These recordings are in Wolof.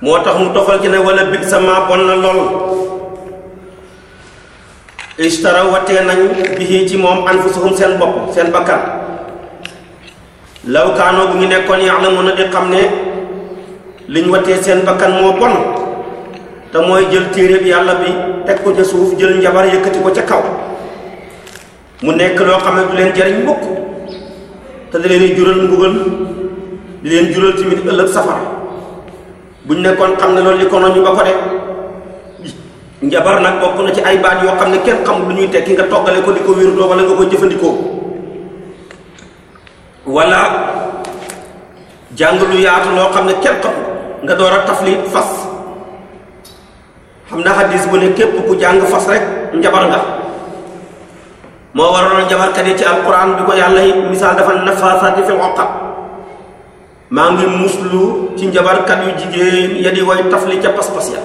moo tax mu tofal ci ne wala bi sama bon na lool istara watee nañ bixii ci moom anfusahum seen bopp seen bakkan law bu ngi nekkoon ya'lamuuna di xam ne liñ watee seen bakkan moo bon te mooy jël téeréb yàlla bi teg ko ca suuf jël njabar yëkkati ko ca kaw mu nekk loo xam du leen jariñ mukk te da leen jural mbugal di leen jural tamit ëllëg safara bu ñu nekkoon xam ne loolu li ko noñu ba ko de njabar nag bokk na ci ay baat yoo xam ne kenn xamul lu ñuy tekki nga toggale ko di ko wéerudoo wala nga koy jëfandikoo wala jàng lu yaatu loo xam ne kenn xamul nga door a tafli fas xam na xadis bu ne képp ku jàng fas rek njabar nga moo waraloon njabarkat yi ci alquran bi ko yàlla misaal dafa nafasaati fil uqad maa ngi muslu ci njabarkat yu jigéen ya di way tafli ca pas-pas ya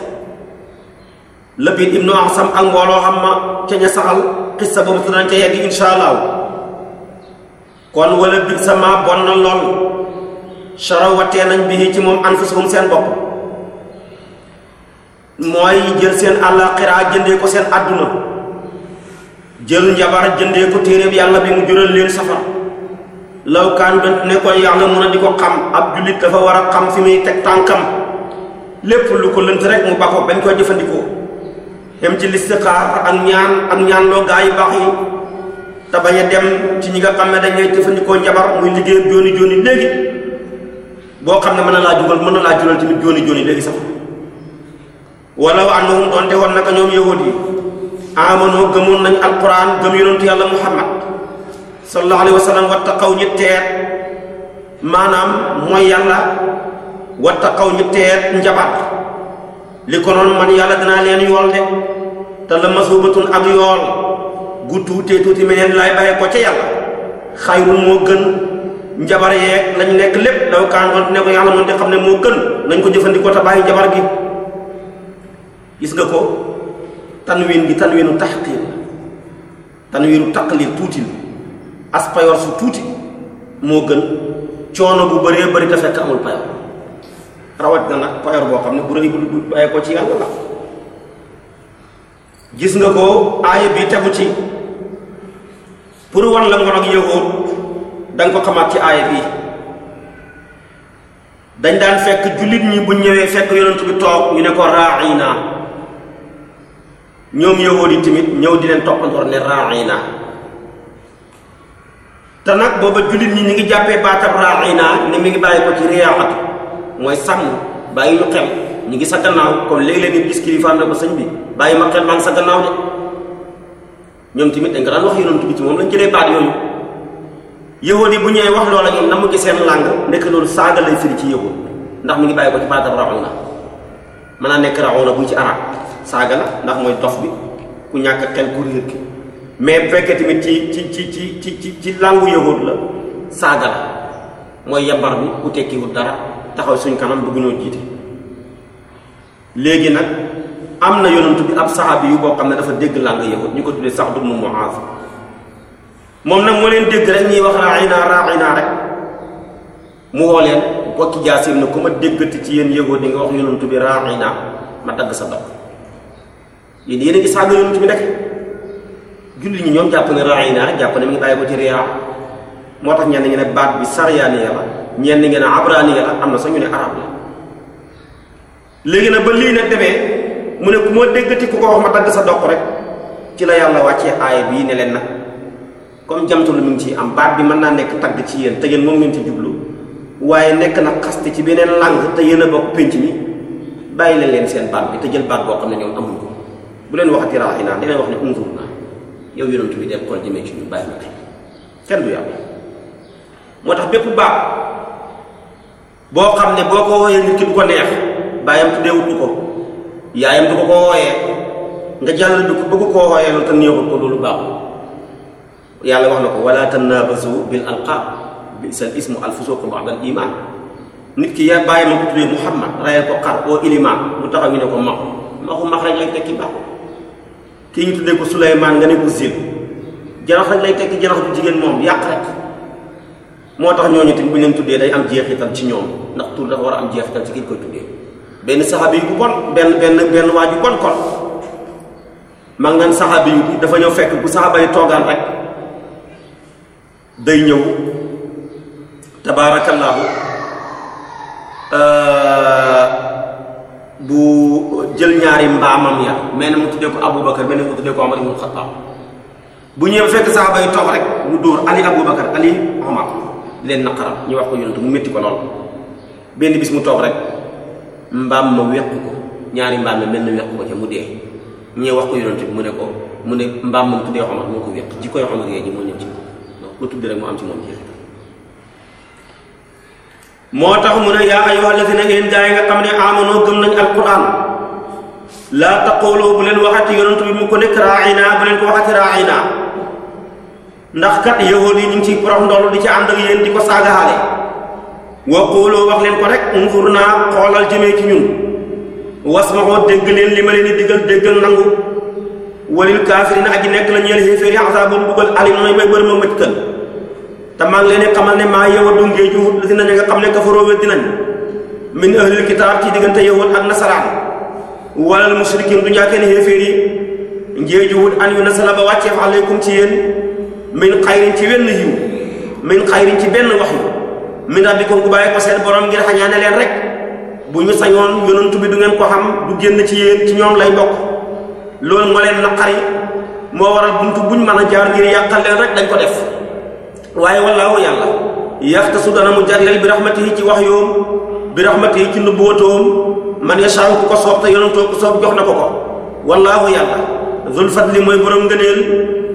Labiid ibnu Asam ak mbooloo xam ma ca ña saxal xissa boobu danañ ca yegg insha kon wala bi sama bon na lool sharawatee nañ bi ci moom anfusahum seen bopp mooy jël seen àllaaxira jëndee ko seen àdduna jël njabar jëndee ko téeréb yàlla bi mu jural leen safar law kaan doon ne koy yàlla mun a di ko xam ab jullit dafa war a xam fi muy teg tànkam lépp lu ko lënt rek mu bako bañ koy jëfandikoo dem ci listixaar ak ñaan ak ñaan loo gaa yi baax yi te bañ dem ci ñi nga xam ne dañ ngay jëfandikoo njabar muy liggéey jooni jooni léegi boo xam ne mën na laa jugal mën na laa jural tamit jooni jooni léegi sax walaw annahum doonte woon naka ñoom yahuud yi amanoo gëmoon nañ alquran gëm yonentu yàlla muhammad sallallahu alayhi wa sallam wattaqaw ñi teet maanaam mooy yàlla wattaqaw ñi teet njabaat li ko noonu man yàlla danaa leen yool de te la masuubatun ak yool gu tuutee tuuti meneen laay bàyyi ko ca yàlla xayrun moo gën njabar yee lañ nekk lépp daw kaangoon ne ko yàlla moom de xam ne moo gën nañ ko jëfandikoo te bàyyi njabar gi gis nga ko tanwin gi tanwinu tahqiir tanwinu taqliil tuuti la as payoor su tuuti moo gën coono bu bëree bëri te fekk amul payoor rawat na nag payoor boo xam ne bu rëy bu du ko ci yàlla la gis nga ko aaya bi tegu ci pour wan la ngoon ak yëgoor ko xamaat ci aaya bi dañ daan fekk jullit ñi bu ñëwee fekk yonent bi toog ñu ne ko raaina ñoom yëgoor yi tamit ñëw di leen toppandoor ne raaina te nag booba jullit ñi ñi ngi jàppee baatam naa ni mi ngi bàyyi ko ci riyaatu mooy sàmm bàyyi ñu xel ñi ngi sa gannaaw kon léeg-léeg nit gis ko sëñ bi bàyyi ma xel maa sa gannaaw de ñoom tamit dañ ko daan wax yonent bi ci moom lañ jëlee baat yooyu yahudi bu ñëwee wax loola ñoom na mu seen làng nekk loolu saaga lay firi ci yahud ndax mu ngi bàyyi ko ci baatam raina mën naa nekk raina bu ci arab saaga la ndax mooy dof bi ku ñàkk xel mais bu fekkee tamit ci ci ci ci ci ci ci langu yahud la saaga la mooy yabar bi ku tekkiwul dara taxaw suñ kanam bëgg ñoo jiite léegi nag am na yonantu bi ab saxaabi yu boo xam ne dafa dégg langu yahud ñu ko tuddee sax dum muaz moom nag moo leen dégg rek ñuy wax raaina raaina rek mu woo leen bokki jaasim na ku ma déggati ci yéen yahud di nga wax yonantu bi naa ma dagg sa dox yéen yéen a saaga yonantu bi rek julli ñi ñoom jàpp ne raina jàpp ne mi ngi bàyyi ko ci riyaa moo tax ñenn ñi ne baat bi saryaaniya la ñenn ñi ne abraaniya la am na sax ñu ne arab la léegi nag ba lii nag demee mu ne ku moo déggati ku ko wax ma dagg sa doq rek ci la yàlla wàccee aaya bii ne leen nag comme jamtul mi ngi ciy am baat bi mën naa nekk tagg ci yéen te yéen moom ngeen ci jublu waaye nekk na xaste ci beneen langue te yéen a bokk pénc mi bàyyi leen leen seen baat bi te jël baat boo xam ne ko bu leen waxati raina di leen wax yow yonent bi dem kon jëmee ci ñu bàyyi ma fi kenn du yàlla moo tax bépp baax boo xam ne boo ko wooyee nit ki du ko neex bàyyam tuddeewut du ko yaayam du ko ko wooyee nga jàll du ko bëgg koo wooyee loolu te ko loolu baaxul yàlla wax na ko wala tanaabazu bil alqaab bisal ismu al fusuuqu ba'dal iimaan nit ki yaa bàyyi ma ko tuddee Muhammad rayal oo ilimaan mu taxaw ñu ne ko maxu maxu max rek lañ tekki baaxul kii ñu tuddee ko Souleymane nga ne ko Zil janax rek lay tekki janax bu jigéen moom yàq rek moo tax ñooñu tamit bu leen tuddee day am jeexital ci ñoom ndax tur dafa war a am jeexital ci ki ñu koy tuddee benn saxaabi yu bu bon benn benn benn waa ju bon kon mag ngan saxaabi yu dafa ñëw fekk bu saxaaba yi toogaan rek day ñëw tabaarakallaahu euh, bu jël ñaari mbaamam ya mel mu tuddee ko Aboubacar mel mu tuddee ko Omar ibn Khattab bu ñëwee fekk saxaaba yi toog rek mu dóor Ali Aboubacar Ali Omar leen naqaral ñu wax ko yonent mu métti ko lool benn bis mu toog rek mbaam ma weq ko ñaari mbaam ya na weq ko ca mu dee ko yonent mu ne mu ne mbaam moom tuddee Omar moo ko weq ji koy Omar yee ji moo ñëw ci moom rek mu am ci moom jeexit moo tax mu ne yaa ayyuha alladina yéen gaa yi nga xam ne amanoo gëm nañ alquran laa taqooloo bu leen waxati yonent bi mu ko nekk raaina bu leen ko waxati raaina ndax kat yahood yi ñu ngi ciy porox ndoll di ca am ak yéen di ko saagahaale wa qóoloo wax leen ko rek unzur naa xoolal jëmee ci ñun wasmaxoo dégg leen li ma leen di diggal déggal nangu walil kaafirina aji nekk la ñeel xéeféeri azaabun buggal alim mooy may bër ma mëjkal te maa ngi leen xamal ne maa yawat du ngéeju dina ña nga xam ne kafaroo wér dinañ min ahlil kitaab ci diggante yahud ak nasaraan walal musrikin du ñaa ne xéeféer yi ngéeju wut an yu nasala ba wàcceef aleykum ci yéen min xayrin ci wenn yiw min xayrin ci benn wax yu min rabbikum ku bàyyi ko seen borom ngir xañaane leen rek bu ñu sañoon yonantu bi du ngeen ko xam du génn ci yéen ci ñoom lay bokk loolu moo leen naqari moo waral buntu buñ mën a jaar ngir yàqal rek dañ ko def waaye wallaahu yàlla yaxtasu dana mu jagleel bi raxmatihi ci wax yoom bi raxmatihi ci nubuwatoom man yasaaru ku ko soob te yonentoo ku soob jox na ko ko wallaahu yàlla zul fadli mooy borom ngëneel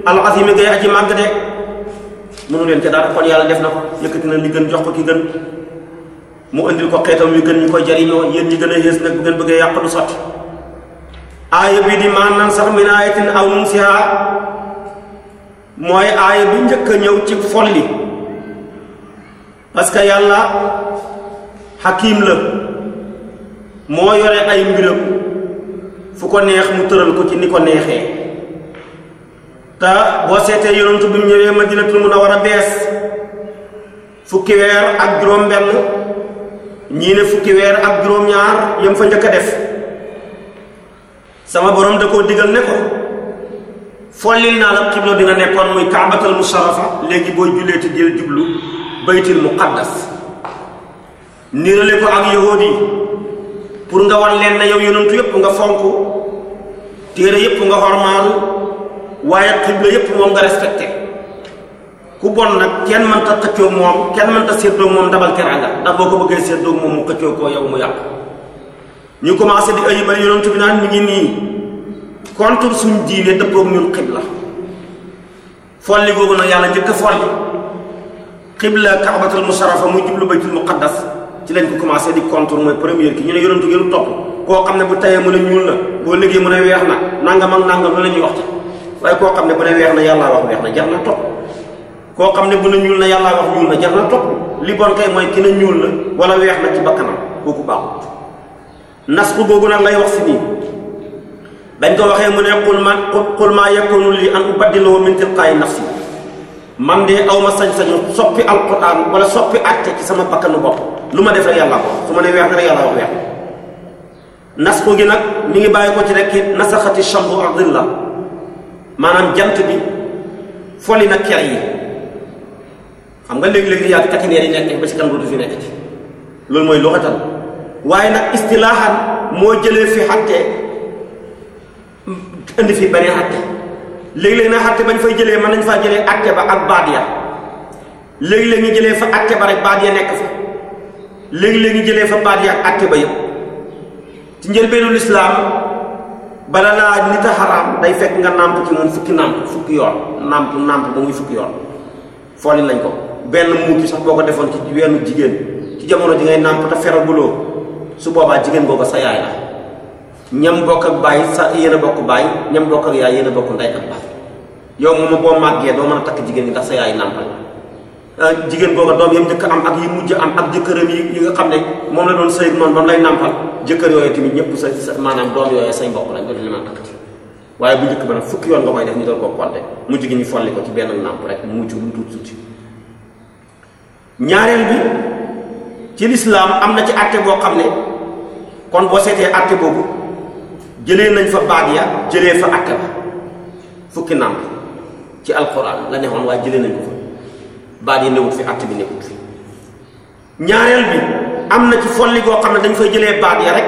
al azimi gay aji màgg de mënu leen ca dara kon yàlla def na ko yëkkati na li gën jox ko ki gën mu indil ko xeetam yu gën ñu koy jariñoo yéen ñi gën a yées nag bu gën bëggee yàq du sotti aaya bii di maanaam sax min ayatin aw munsiha mooy aaya bi njëkk a ñëw ci folli parce que yàlla xakiim la moo yore ay mbiram fu ko neex mu tëral ko ci ni ko neexee te boo seetee ma bi mu ñëwee Madinatul Munawwara bees fukki weer ak juróom-benn ñii ne fukkiweer ak juróom-ñaar yam fa njëkk a def sama borom da koo digal ne ko follil naa la xibla bi nekkoon muy kaabatal musarafa léegi booy julleeti jël jublu baytil muqaddas niirale ko ak yahood yi pour nga wan leen na yow yonantu yépp nga fonk téere yépp nga xormaalu waaye xibla yépp moom nga respecté ku bon nag kenn mënta xëccoo moom kenn mënta séddoo moom ndabal teraanga ndax boo ko bëggee séddoo moom mu xëccoo ko yow mu yàqu ñu commencé di ayibal yonantu bi naan mi ngi nii contre suñ diine dëppoog ñun xibla folli googu nag yàlla njëkk a folli xibla kaabatul musarafa mu jublu baytul muqaddas ci lañ ko commencé di contour mooy première ki ñu ne yonentu gënu topp koo xam ne bu tayee mu ne ñuul na boo liggéey mu ne weex na nangam ak nangam lu la ñuy wax ci waaye koo xam ne bu ne weex na yàllaa wax weex na jar na topp koo xam ne bu ne ñuul na yàllaa wax ñuul na jar na topp li bon kay mooy ki ne ñuul na wala weex na ci bakkanam kooku baaxut nas ko googu nag lay wax si bañ ko waxee mu ne qul man qul maa yakunu lii an ubaddilahu min tilqaa'i nafsi man de aw ma sañ-sañu soppi alquran wala soppi àtte ci sama bakkanu bopp lu ma def yàlla ko su ma ne weex rek yàlla wax weex nas gi nag mi ngi bàyyi ko ci rek nasaxati chambu ardillah maanaam jant bi foli na ker yi xam nga léegi-léegi yàgg katineer yi nekk ba ci kan du fi nekk ci loolu mooy loxatal waaye nag istilaahan moo jëlee fi xattee indi fi bari àtte léeg-léeg na àtte bañ fay jëlee man nañ faa jëlee àtte ba ak baat ya léegi léeg ñu jëlee fa àtte ba rek baat ya nekk fa léeg-léeg ñu jëlee fa baat ya ak àtte ba yëpp ci njëlbeenu lislaam bala laa nit a xaraam day fekk nga nàmp ci moom fukki nàmp fukki yoon nàmp nàmp ba muy fukki yoon fooli lañ ko benn muuki sax boo ko defoon ci weenu jigéen ci jamono ji ngay nàmp te feraguloo su boobaa jigéen booba sa yaay la ñam bokk ak bàyyi sa yéen bokk bàyyi ñam bokk ak yaay yéen bokk ndey ak bàyyi yow moom boo màggee doo mën a takk jigéen ñi ndax ay yaay nàmpal euh, jigéen booba doom yëpp njëkk am ak yi mujj am ak jëkkëram yi xam ne moom la doon sëy noonu ba mu lay nàmpal jëkkër yooyu tamit ñëpp sa maanaam doom yooyu lañ dootu li mën a bu njëkk ba nag yoon nga koy def ñu doon ko konte mujj gi ko ci benn nàmp rek mujj lu tuuti ñaareel bi ci lislaam am na ci atte boo xam ne kon boo seetee atte boobu jële nañ fa baat ya jëlee fa atte ba fukki nàmp ci alxuraan la neexoon waaye jëlee nañ fa baat yi newut fi atte bi newut fi ñaareel bi am na ci folli goo xam ne dañ fay jëlee baat ya rek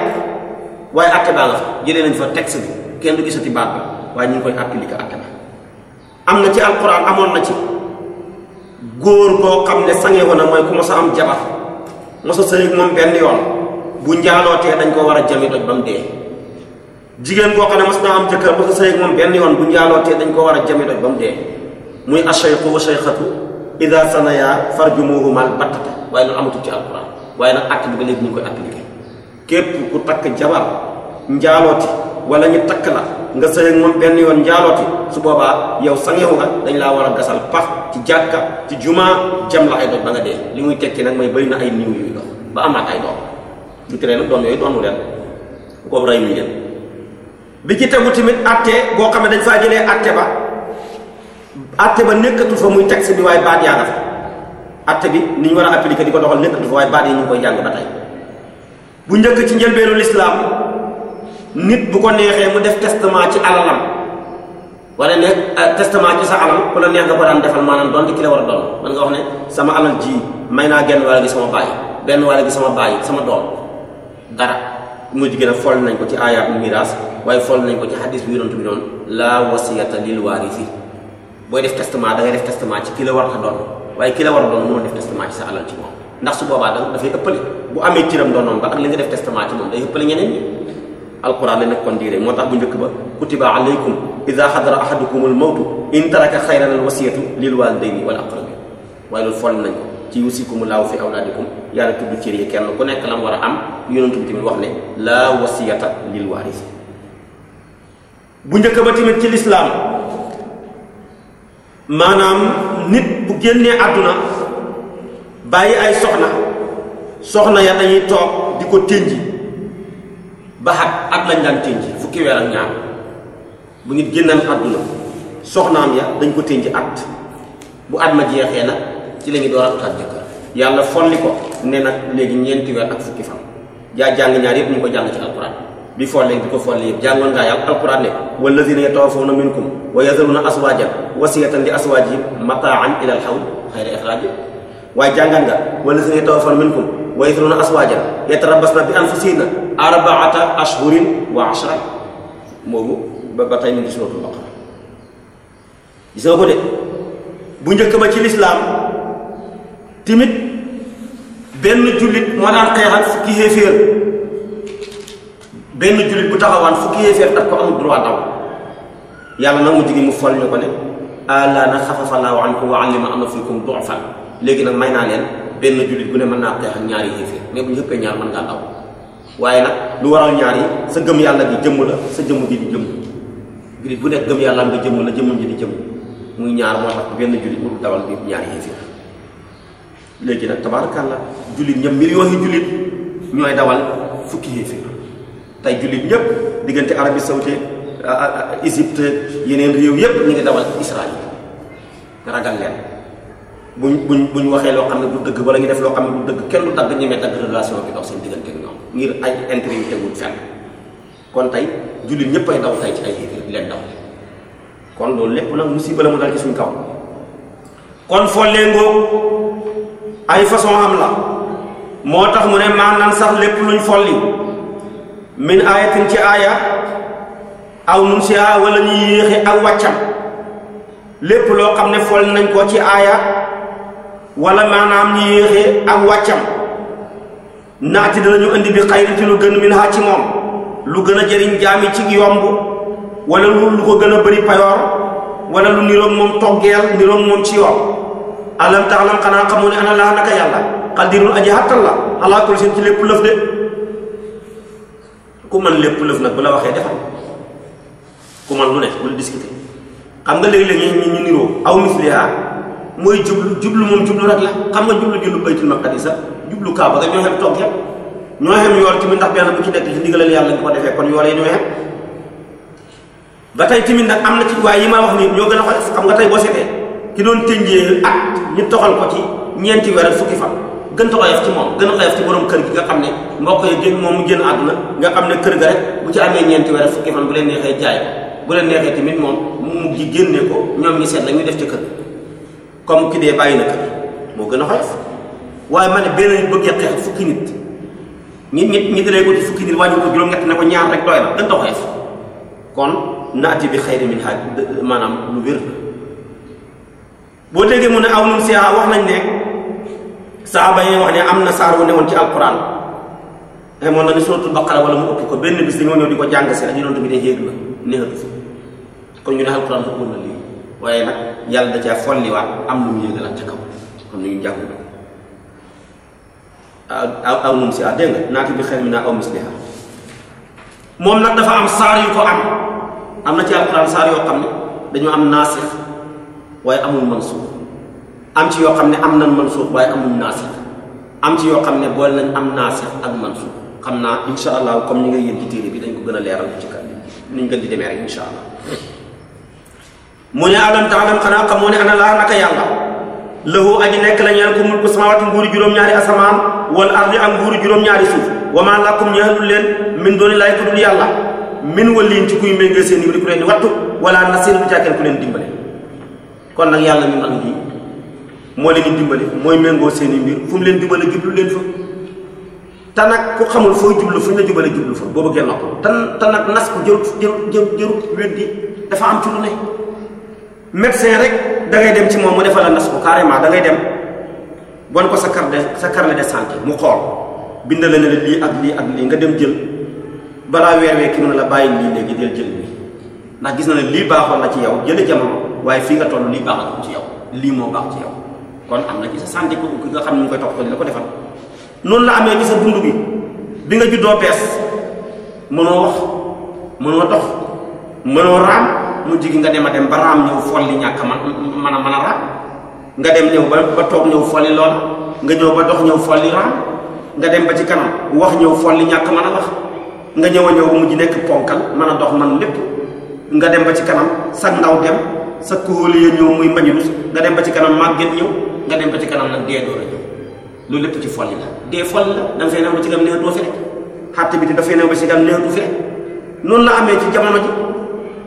waaye atte baa nga fa jëlee nañ fa texte bi kenn du gisati baat ba waaye ñu ngi koy appliquer atte ba am na ci alxuraan amoon na ci góor boo xam ne sange woon na mooy ku mos am jabar mos a sëy moom benn yoon bu njaalootee dañ ko war a jami doj ba mu dee jigéen boo xam ne mas naa am jëkkër mas a sëy ak moom benn yoon bu njaalootee dañ ko war a jame doj ba mu dee muy ashayqu wa shayqatu ida sanaya farjumuhumal battata waaye loolu amatul ci alquran waaye nag acte bi ba léegi ñu ngi koy appliqué képp ku wala ñu takk la nga sëy ak moom benn yoon njaalooti su boobaa yow sangewu nga dañ laa war a gasal pax ci jàkka ci jumaa jam la ay doj ba nga dee li muy tekki nag mooy bëri na ay niw yuy dox ba amaat ay doom du tere nag doom yooyu doonu leen boobu rey ñu leen bi ci tegu tamit atte boo xam ne dañ faa jëlee atte ba atte ba nekkatul fa muy texte bi waaye baat yaa nga fa atte bi ni ñu war a appliquer di ko doxal nekkatul fa waaye baat yi ñu koy jàng ba tey bu njëkk ci njëlbeenu lislaam nit bu ko neexee mu def testament ci alalam wala ne euh, testament ci sa alal ku la neex nga ko daan defal maanaam doon di ki la war a doon man nga wax ne sama alal ji may naa genn wala gi sama bàyyi benn wala gi sama bàyyi sama doom dara mujj gën a fol nañ ko ci aayaatul miraas waaye fol nañ ko ci xadis bi yonent bi doon laa wasiyata lil waarisi booy def testament da ngay def testament ci ki la war a doon waaye ki la war a doon mënoo def testament ci sa alal ci moom ndax su boobaa da dafay ëppale def testament ci moom day ëppale ñeneen ñi alquran la nekkoon moo tax bu njëkk ba kutiba alaykum ida xadara ahadukum al mawtu in taraka xayran al wasiyatu lil walidayni wal aqrabin waaye loolu fol nañ ci yusikum laahu fi awlaadikum yàlla tudd cër yi kenn ku nekk lam war a am yonent bi tamit wax ne laa wasiyata lil waarisi bu njëkk ba tamit ci lislaam maanaam nit bu génnee àdduna bàyyi ay soxna soxna ya dañuy toog di ko tënji ba xat at lañ daan tënji fukki weer ak bu nit génnaan àdduna soxnaam ya dañ ko tënji at bu at jeexee nag ci la ñu door a utaat jëkkër yàlla folli ko ne nag léegi ñeenti weer ak fukki fan jaa jàng ñaar yëpp ñu ngi ko jàng ci alquran bi follee bi ko follee yëpp jàngoon ngaa yàlla alquran ne wallazina yatawaffawna minkum wa yazaluna aswajan wasiyatan li aswajihim mataan ila al hawl xayra ixraaji waaye jàngan nga wallazina yatawaffawna minkum wa yazaluna aswajan yatarabbasna bi anfusihinna arbaata ashhurin wa ashra moomu ba ba tey ñu ngi suratul baqara gis nga ko de bu njëkk ba ci lislaam timit benn jullit moo daan xeexal fukki xéeféer benn jullit bu taxawaan fukki xéeféer daf ko amul droit daw yàlla nag mu jigi mu fol ñu ko ne alaana xafafallaahu ankum wa allima anna fiikum du'fan léegi nag may naa leen benn jullit bu ne man naa ak ñaari xéeféer mais bu ñu xëppee ñaar mën ngaa daw waaye nag lu waral ñaar yi sa gëm yàlla di jëmm la sa jëmm ji di jëmm jullit bu nekk gëm yàlla am nga jëmm la jëmmam ji di jëmm muy ñaar moo tax léegi nag tabaarakàlla jullit ñëpp millions yi jullit ñooy dawal fukki yéeféer tey jullit ñëpp diggante Arabie Saoudite Égypte yeneen réew yëpp ñu ngi dawal Israël ragal leen buñ buñ buñ waxee loo xam ne du dëgg wala ñu def loo xam ne du dëgg kenn du dagg ñemee dagg relation bi dox seen diggante ak ñoom ngir ay intérêt yu tegul fenn kon tey jullit ñëpp ay daw tey ci ay yéeféer leen daw kon loolu lépp nag musiba la mu dal ci suñ kaw kon foo ay façon am la moo tax mu ne maanaam sax lépp luñ folli min ayatin ci aaya aw nun si a wala ñu yéexi ak wàccam lépp loo xam ne folli nañ ko ci aaya wala maanaam ñu yéexi ak wàccam naati danañu indi bi xayri ci lu gën min ha ci moom lu gën a jëriñ jaami ci yomb wala lu lu ko gën a bëri payoor wala lu niroog moom toggeel niroog moom ci yoon alam ta'lam xanaa xamoo ne ana laa naka yàlla xadirul aji xattan la alaa kulli seen ci lépp lëf de ku man lépp lëf nag bu la waxee defal ku man lu ne bul discuter xam nga léegi-léegi ñu ñu niroo aw misliha mooy jublu jublu moom jublu rek la xam nga jublu jublu baytul maqdis sax jublu kaaba ga ñoo xem toog ñoo xem yool ci ndax benn bu ci nekk ci ndigalal yàlla nga ko defee kon yool yi ñoo xem ba tey tamit nag am na ci wax nii ñoo gën a nga tey boo seetee ki loolu tënjee at ñu toxal ko ci ñeenti weer ak fukki fan gën a oyof ci moom gën a oyof ci borom kër gi nga mbokk yi génn moom mu génn àdduna nga xam ne kër ga rek bu ci amee ñeenti weer ak fukki fan bu leen neexee jaay bu leen neexee tamit moom mu gi génne ko ñoom ñi seet la ñu def ci kër comme ki dee bàyyi na kër moo gën a xoyof waaye ma ne benn nit bëggee xeex fukki nit nit nit ñi dalee ko ci fukki nit wàññi ko juróom-ñett ne ko ñaar rek doy na gën a xoyof kon naati bi xayri min haaj maanaam lu wér boo déggee mu ne aw nun si wax nañ ne saaba yi wax ne am na saar wu newoon ci alquran demoon na ni suratul wala mu ëpp ko benn bis dañoo ko jàng si rek yonent bi ne yéeg ñu ne alquran ëppoon waaye nag yàlla da caa folliwaat am lu mu yéegalaat ca ko aw aw nun si ah dégg nga naati bi moom nag dafa am saar yu ko am am na ci alquran saar yoo xam ne dañoo am naasix waaye amul mansuux am ci yoo xam ne am nañ mansuux waaye amul naasix am ci yoo xam ne bool nañ am naasix ak mansuux xam naa insha allah comme ni nga yéen ci téere bi dañ ko gën a leeral ci kan ni ñu gën di demee rek insha allah mu ne alam taalam xanaa xamoo ne ana laa naka yàlla lahu aji nekk la ñeel ko mulku samawaati nguuri juróom-ñaari asamaan wal ardi a nguuri juróom-ñaari suuf wa maa lakum ñeelul leen min dooni laay ku dul yàlla min waliin ci kuy méngee seen i leen di kon nag yàlla mi mag ñi moo leen di mooy méngoo seen i mbir fu mu leen jubale jublu leen fa te nag ku xamul fooy jublu fu ñu la jubale jublu fa boo bëggee nopp te te nag nas ko jërut jërut jërut weddi dafa am ci lu ne médecin rek da ngay dem ci moom mu defal la nas ko carrément da ngay dem bon ko sa carte de sa carnet de santé mu xool bindal la ne lii ak lii ak lii nga dem jël balaa weer wee ki mën a la bàyyi lii léegi del jël bi ndax gis na lii baaxoon na ci yow jële jamono waaye fii nga toll lii baax na ci yow lii moo baax ci yow kon am na ci sa santé ko ki nga xam ne ñu koy topp ko di la ko defal noonu la amee ci sa dund bi bi nga juddoo bees mënoo wax mënoo dox mënoo raam nga dem a dem ba raam ñëw man man a dem ñëw ba ba toog ñëw folli lool nga ñëw ba dox ñëw folli raam nga dem ba ci kanam wax ñëw folli ñàkk mën a wax nga ñëw ñëw mujj nekk ponkal mën a dox man lépp nga dem ba ci kanam sa ndaw dem sa kóoliya ñëw muy mbañurus nga dem ba ci kanam màgget ñëw nga dem ba ci kanam nag dee door a ñëw loolu lépp ci folli la dee folli la da nga fay ci kanam neexatoo fi rek xàtte bi di dafay new ba ci kanam neexatu fi rek la amee ci jamono ji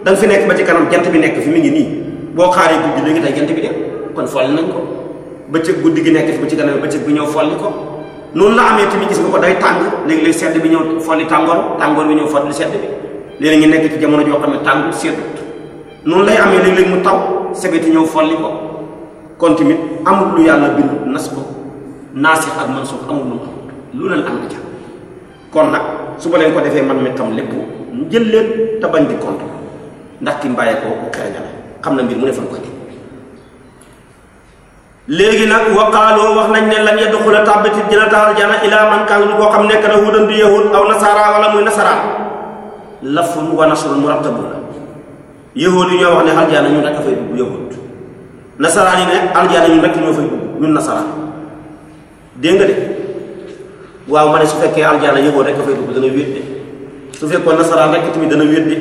da fi nekk ba ci kanam jant bi nekk fi mi ngi nii boo xaaree léegi tey jant bi kon folli nañ ko bëccëg guddi gi nekk fi ba ci kanam bëccëg bi ñëw folli ko noonu la amee tamit gis nga ko day tàng léegi lay sedd bi ñëw folli tàngoor tàngoor bi ñëw folli sedd bi léeg ngi nekk ci jamono joo xam ne tàngul seetut noonu lay amee léeg-léeg mu taw sebeti ñëw folli ko kon tamit yàlla bind nas ko naasix ak mansuux amul lu lu leen nag su ba ko defee man mi tam lépp jël leen te ndax ki mbàyyee ko xam na mbir mu ne fan koy teg léegi nag waqaaloo wax nañ ne lan yadxula tàbbati dina taal jana ilaa man kaanu koo xam nekk na hudan du yahud aw nasara wala lafun wa nasrun murattabuuna yahud yi ñoo wax ne aljana ñun rek a fay dugg yahud nasaraan yi ne aljana ñun rek ñoo fay dugg ñun nasaraan dégg de waaw ma su fekkee aljana yahud rek a fay dugg dana wéet de su fekkoon nasaraan rek tamit dana wéet de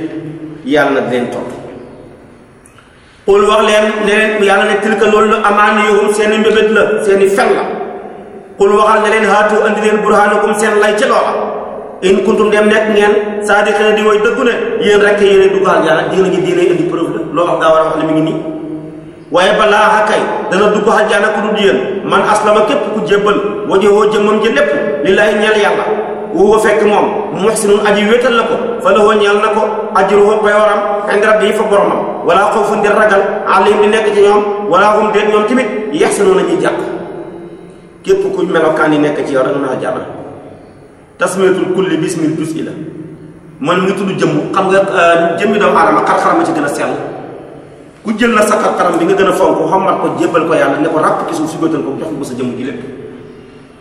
yàlla na leen tontu xul wax leen ne yàlla ne tilka loolu lu amaani seeni mbébét la seeni fen la xul waxal ne leen haatu andi leen burhaanakum seen lay ci loola in kuntum dem nekk ngeen saadiqina di way dëggu ne yéen rek yéenay dugal yàlla di ngi diine indi preuve la loo xam daa war a wax ne mi ngi nii waaye balaa xakay dana dugg aljana ku dul yéen man aslama képp ku jébbal wajhoo jëmmam ji lépp lillaahi ñeel yàlla woo fekk moom muhsinun aji wéetal la ko fa lahoo ñeel na ko ajruhu payoram inda rabbihi fa boromam wala xawfun di ragal alayhim di nekk ci ñoom wala hum déet ñoom tamit yi nekk a jàpp tasmiyatul kulli bismil juz'i la man mi ngi tudd jëmm xam nga euh, jëmmi doomu aadama xar-xaram a ci gën a sell ku jël na sa xar-xaram bi nga gën a fonk xamal ko jébbal ko yàlla ne ko ràpp si bëtal ko jox ko sa jëmm ji lépp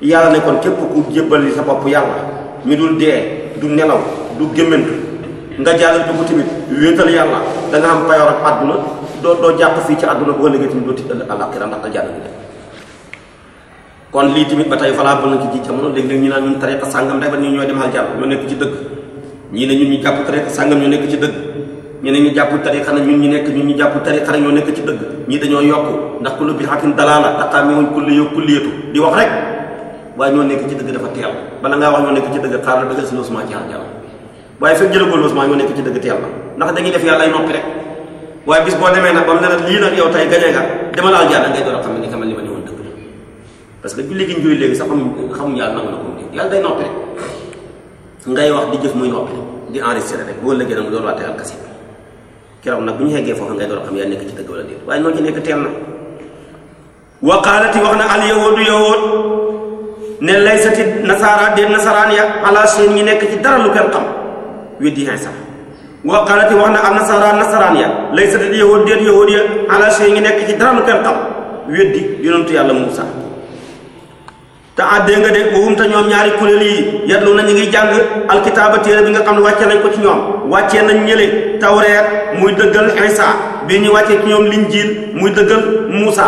yàlla ne kon képp ku jébbal sa bopp yàlla mi dul dee du nelaw du gémmantu nga jàll dugg tamit wéetal yàlla da nga am payoor ak àdduna doo doo jàpp fii ci àdduna bu ëllëgee tamit doo tiit àllaaxira ndax aljanna bi kon lii tamit ba tey valable na ci jamono léeg-léeg ñu naan ñun tariqa sàngam rek ñu ñooy dem aljana ñoo nekk ci dëgg ñii ne ñun ñu jàpp tariqa sàngam ñoo nekk ci dëgg ñi ne ñu jàpp tariqa na ñun ñu nekk ñun ñu jàpp tariqa rek ñoo nekk ci dëgg ñii dañoo yokk ndax kullu bi xatin dalaala taqaamewuñ kulli yow kulliyatu di wax rek waaye ñoo nekk ci dëgg dafa teel bala ngaa wax ñoo nekk ci dëgg xaaral ba si loosement ci aljana waaye fekk jëlagoo loosement ñoo nekk ci dëgg teel la ndax dañuy def yàlla ay boo demee nag bam ne la lii nag yow a xam ne parce que julli gi ñu julli léegi sax xamuñ xamuñ yàlla day wax di jëf muy noppi di enregistré bu ñu xeggee foofu ngay door a xam yaa ci nekk teel na wa qaalati wax na al yahudu yahud nasaraan ñi nekk ci dara lu kenn xam weddi xen sax wa qaalati wax na al nasaara nasaraan ya laysati yahud déet yahud ya ala seen ñi nekk ci dara lu kenn xam weddi yonentu yàlla Muusa te àddee ah, nga de wowum te ñoom ñaari kuréel yi yatlu na ñu ngi jàng alkitaaba téere bi nga xam ne wàccee nañ ko ci ñoom wàccee nañ ñële tawreer muy dëggal Isa bii ñu wàccee ci ñoom linjiil muy dëggal Muusa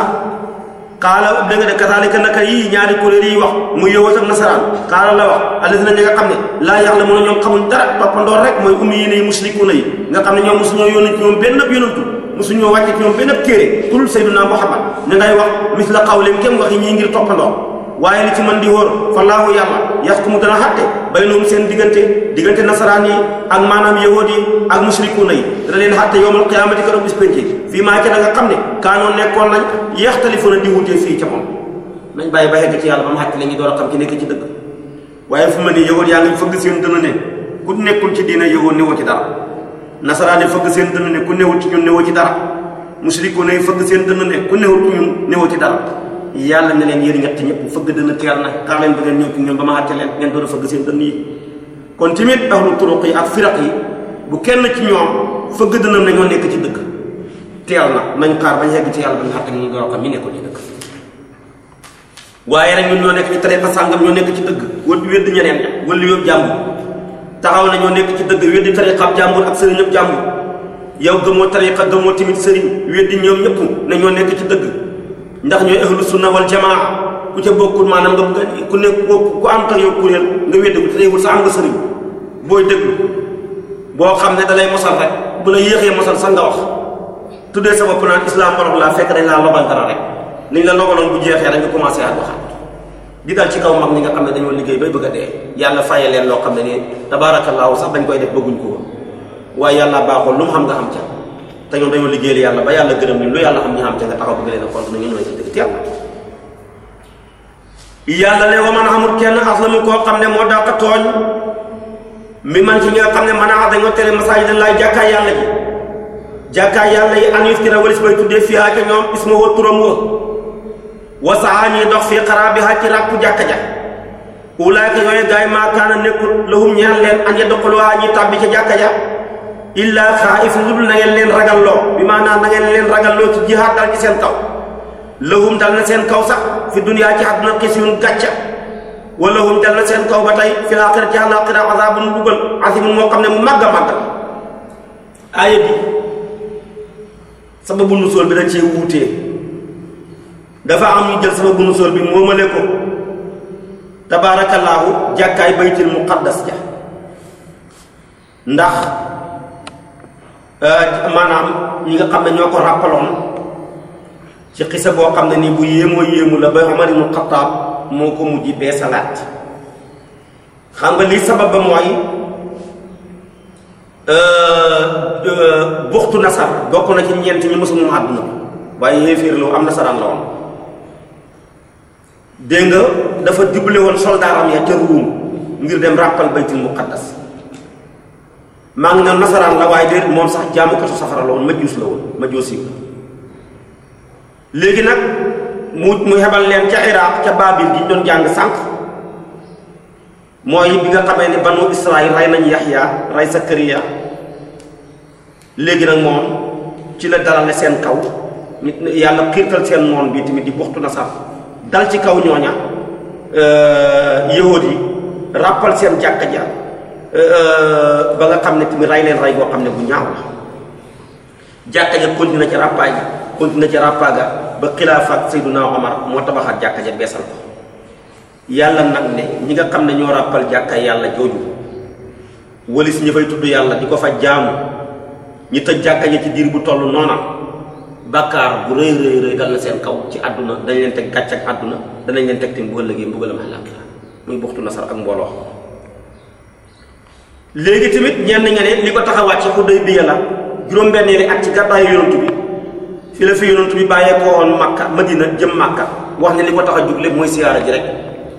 xaala dégg nga de kasaalika naka yii ñaari kuréel yi wax muy yow ak nasaraan xaala la wax alladina ñi nga xam ne laa yàlla mën a ñoom xamuñ dara toppandoor rek mooy ummi yi ne musrikuuna yi nga xam ne ñoom mosuñoo yónni ci ñoom benn ab yónantu mosuñoo wàcce ci ñoom benn ab téere tul sayyiduna ñu ngay wax mis la xawleem kem yi ñii ngir toppandoor waaye li ci mën di wóor fallaahu yàlla yaxkumu dana xatte baynahum seen diggante diggante nasaraan yi ak maanaam yahood yi ak musrikuuna yi dana leen xatte yowmal qiyaamati keroog bis pénc fii maa ca da nga ne kaanoon nekkoon nañ yaxtalifuuna di wutee fii ca moom nañ bàyyi ba xegg ci yàlla ba mu xatte la ñu door a xam ki ci dëgg waaye fu ma ne yahood yaa ngi fëgg seen dëna ne ku nekkul ci diina yahood newoo ci dara nasaraan yi ne ku newul ci ñun newoo ci dara musrikuuna yi fëgg seen dëna ne ku newul ci ci dara yàlla ne leen yër ñett ñëpp fëgg dënn teer na kaa leen ba ngeen ñëw ci ñun ba ma àtte leen ngeen doon a fëgg seen dënn yi kon tamit ahlu turuq yi ak firaq yi bu kenn ci ñoom fëgg dënam nañoo nekk ci dëgg teel na nañ xaar bañ yegg ci yàlla bañ xàtte ñu doo xam mi nekkul ci dëkk waaye rek ñun ñoo nekk ci tariqa sàngam ñoo nekk ci dëgg wëdd wedd ñeneen wala yóbbu jàmbur taxaw na ñoo nekk ci dëgg weddi tariqa jàmbur ak sëriñ ñëpp jàmbur yow gëmoo tariqa gëmoo tamit sëriñ weddi ñoom ñëpp na ñoo nekk ci dëgg ndax ñooy ahlu sunna wal jamaa ku ca bokkul maanaam nga ku ne ku am tax yow nga weddi ko te teewul sa am nga sëriñ booy déglu boo xam ne dalay mosal rek bu la yéexee mosal sax nga wax tuddee sa bopp naan islam borom laa fekk dañ laa lobal dara rek niñ la lobaloon bu jeexee rek nga commencé at waxaat di dal ci kaw mag ñi nga xam ne dañoo liggéey bay bëgg a dee yàlla faye leen loo xam ne nii tabaarakallaahu sax dañ koy def bëgguñ ko waaye yàlla baaxoon lu xam nga xam ca te ñoom dañoo yàlla ba yàlla gërëm ni lu yàlla xam ñu xam ca nga a compte na ñu ñëwee ci dëgg yàlla ne koo xam ne moo dàq tooñ mi man a dañoo tere masaajid dañ laay jàkkaay yàlla ji jàkkaay yàlla yi an yuftira walis bay tuddee fii ca ñoom isma wa turam wa wasaxaa ñuy dox fii xaraabiha ci ràpp jàkka ja ulaayka yooyu gaay maa kaana nekkul lahum ñeel leen an yadxuluhaa ñuy tàbbi ca jàkka ja illaa xaaifun ludul na ngeen leen ragalloo bi maanaam na ngeen leen ragalloo ci jihaad ci seen kaw lahum dal na seen kaw sax fi duniyaa ci àdduna xisyun gàcca wa lahum dal na seen kaw ba tey fil aaxirati ci àllaaxira azaabun mbugal aziimun moo xam ne mu màgg a màgg bi sababu nusool bi dañ cee wuutee dafa am ñu jël sababu nusool bi moomale ko tabaarakallaahu jàkkaay baytil muqaddas ja ndax Euh, maanaam ñi nga xam ne ñoo ko ràppaloon ci xisa boo xam ne nii bu yéemoo yéemu la ba Umar ibn Xattaab moo ko mujj bee salaat xam nga lii sabab ba mooy euh, buxtu nasar bokk na ci ñeent ñi mësul moom àdduna waaye yéeféer la am nasaraan la woon nga dafa juble woon soldaaram ya te ruum ngir dem ràppal baytul muqaddas maa ngi naan nasaraan la waaye déet moom sax jaamukatu safara la woon majuus la woon majuus yi léegi nag mu mu hebal leen ca iraq ca baabil gi doon jàng sànq mooy bi nga xamee ne banu israil rey nañu yaxya rey sakariya léegi nag moom ci la dalale seen kaw nit yàlla xiirtal seen moon bii tamit di na nasar dal ci kaw ñooña euh, yahood yi ràppal seen jàkka ja ba nga xam ne tamit ray leen ray boo xam ne bu ñaaw la jàkka ja continué ci rappaa ji continué ci rappaa ga ba xilaafaat Seyduna Omar moo tabaxaat jàkka ja beesal ko yàlla nag ne ñi nga xam ne ñoo ràppal jàkka yàlla jooju walis ñi fay tudd yàlla di ko fa jaamu ñi tëj jàkka ja ci diir bu toll noona bàkkaar bu rëy rëy rëy seen kaw ci àdduna dañ leen teg gàcc ak àdduna danañ leen teg tamit bu ëllëgee mbugalam àllaaxira muy buxtu nasar a mbooloo léegi tamit ñenn nga ne li ko tax a wàcc Xudaybiya la juróom-benneeli at ci gàddaayu yonent bi fi la fi yonent bi bàyyee ko woon Makka Madina jëm Makka wax ne li ko tax a jug mooy siyaara ji rek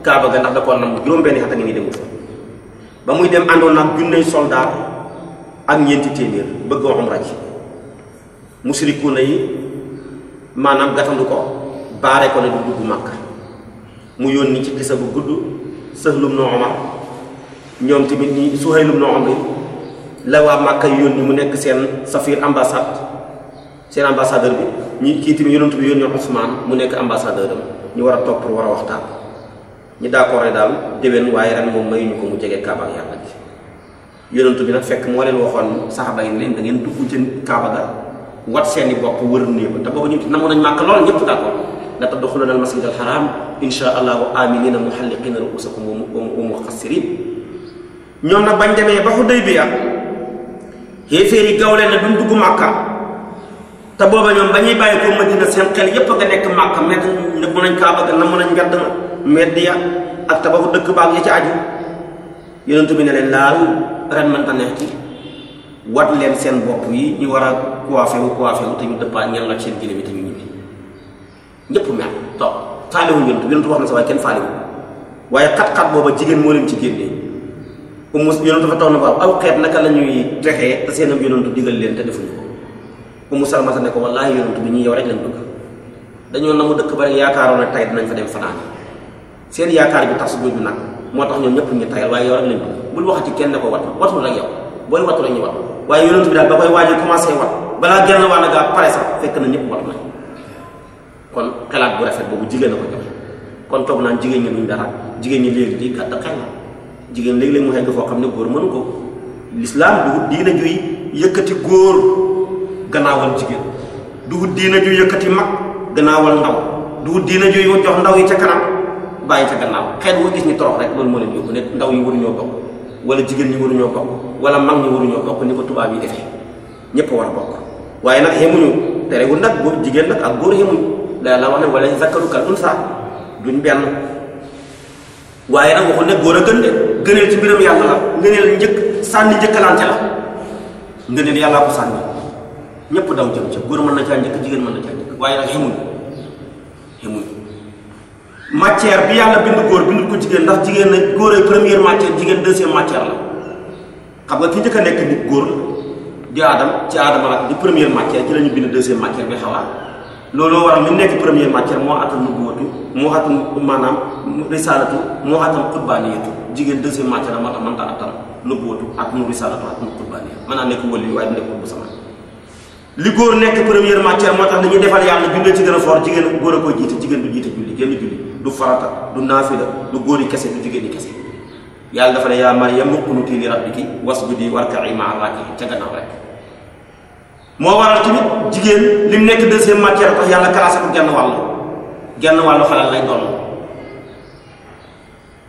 Kaaba ga ndax da koo nam juróom-benni at a ngi nii dem ba muy dem àndoon ak junney soldat ak ñeenti téeméer bëgg waxum raj musrikuuna yi maanaam gatandu ko baare ko ne du dugg Makka mu yónni ci kisa bu gudd sëhlum no Omar ñoom tamit nii Suhayl ibn Amr la waa Màkka yónni mu nekk seen safir ambassade seen ambassadeur bi ñuy kii tamit yonent bi yónni Usmaan mu nekk ambassadeur am ñu war a topp pour war a waxtaan ñi d'accord daal déwén waaye ren moom mayuñu ko mu jege Kaaba ak bi nag fekk moo leen waxoon saxaba yi leen da ngeen dugg ci Kaaba ga wat seen bopp wër néeg ba te boobu ñu namoon nañ Màkka lool ñëpp d'accord la tadxuluna al masjid al haram insha allahu aminina muhalliqina ruusakum wa muqassirin ñoom nag bañ demee ba Xudaybiya xéeféer yi gawle na duñ dugg Màkka te booba ñoom ba ñuy bàyyi ko Madina seen xel yépp nga nekk Màkka medd ne mun nañ Kaaba ga na mun nañ ngedd ma medd ya ak tabaxu dëkk baag ya ci aju yonent bi ne leen laal ren man ta neex ci leen seen bopp yi ñu war a coiffé wu coiffé wu te ñu dëppaat ngeen loj seen giléem yi te ñu ñibbi ñépp mel toog faale wu tu yonent wax na sa waaye kenn faale wu waaye xat-xat booba jigéen moo leen ci génnee umus yonentu fa toog na ko aw naka la ñuy texee te seenam yonentu digal leen te defuñu ko umu salmata ne ko wallaahi yonentu bi ñuy yow rek dañoo na dëkk ba rek ne tey dinañ fa dem fanaan seen yaakaar bi tas jooju nag moo tax ñoom ñëpp waaye yow rek lañ bëgg bul waxati kenn ne ko watu watul rek yow booy watu rek ñu watu waaye yonentu bi daal ba commencé wat balaa genn wàll gaa pare sax fekk na ñëpp wat na kon xelaat bu rafet boobu jigéen ko kon toog naan jigéen ñi duñ dara jigéen ñi léegi di gàtt xel la jigéen léeg-léeg mu xegg foo xam ne góor mënu ko lislaam du diina juy yëkkati góor gannaawal diina yëkkati mag gannaawal ndaw du diina juy jox ndaw yi ca kanam bàyyi ca gannaaw xeet woo gis ñu torox rek loolu moo leen yóbbu ne ndaw yi waruñoo bokk wala jigéen ñi waruñoo bokk wala mag ñi waruñoo bokk ni ko tubaab yi defee ñépp war a bokk waaye nag xemuñu terewul nag góor jigéen nag ak góor xemuñ la la wax ne wala zakaru kal unsa duñ benn waaye nag waxul ne góor a gën ngëneel ci biram yàlla la ngëneel njëkk sànni njëkkalante la ngëneel yàllaa ko sànni ñépp daw jëm ca góor mën na caa njëkk jigéen mën na caa njëkk waaye nag xemuñ xemuñ bi yàlla bind góor bind ko jigéen ndax jigéen na góor ay première matière jigéen deuxième matière la xam nga ki njëkk nekk nit góor di aadam ci aadama la di première matière ci lañu ñu bind deuxième matière bi xawaa looloo waral mi nekk première matière moo atam nubuwatu moo atam maanaam risalatu moo atam jigéen deuxième matière moo tax mënta attan nubuwatu ak nu risalatu ak nu qurbaani mën naa nekk wëli waaye du nekk bu sama li góor nekk première matière moo tax dañuy defal yàlla jullee ci gën foor jigéen góor a koy jiite jigéen du julli génn julli du farata du naafila du góor yi kese du jigéen yi kese yàlla dafa ne yaa Maryam uqnutii li rabbiki wasjudii warka'ii ma'a raaki'iin ca gannaaw rek moo waral tamit jigéen li mu nekk deuxième matière tax yàlla classé ko genn wàll genn wàllu xalal lay doon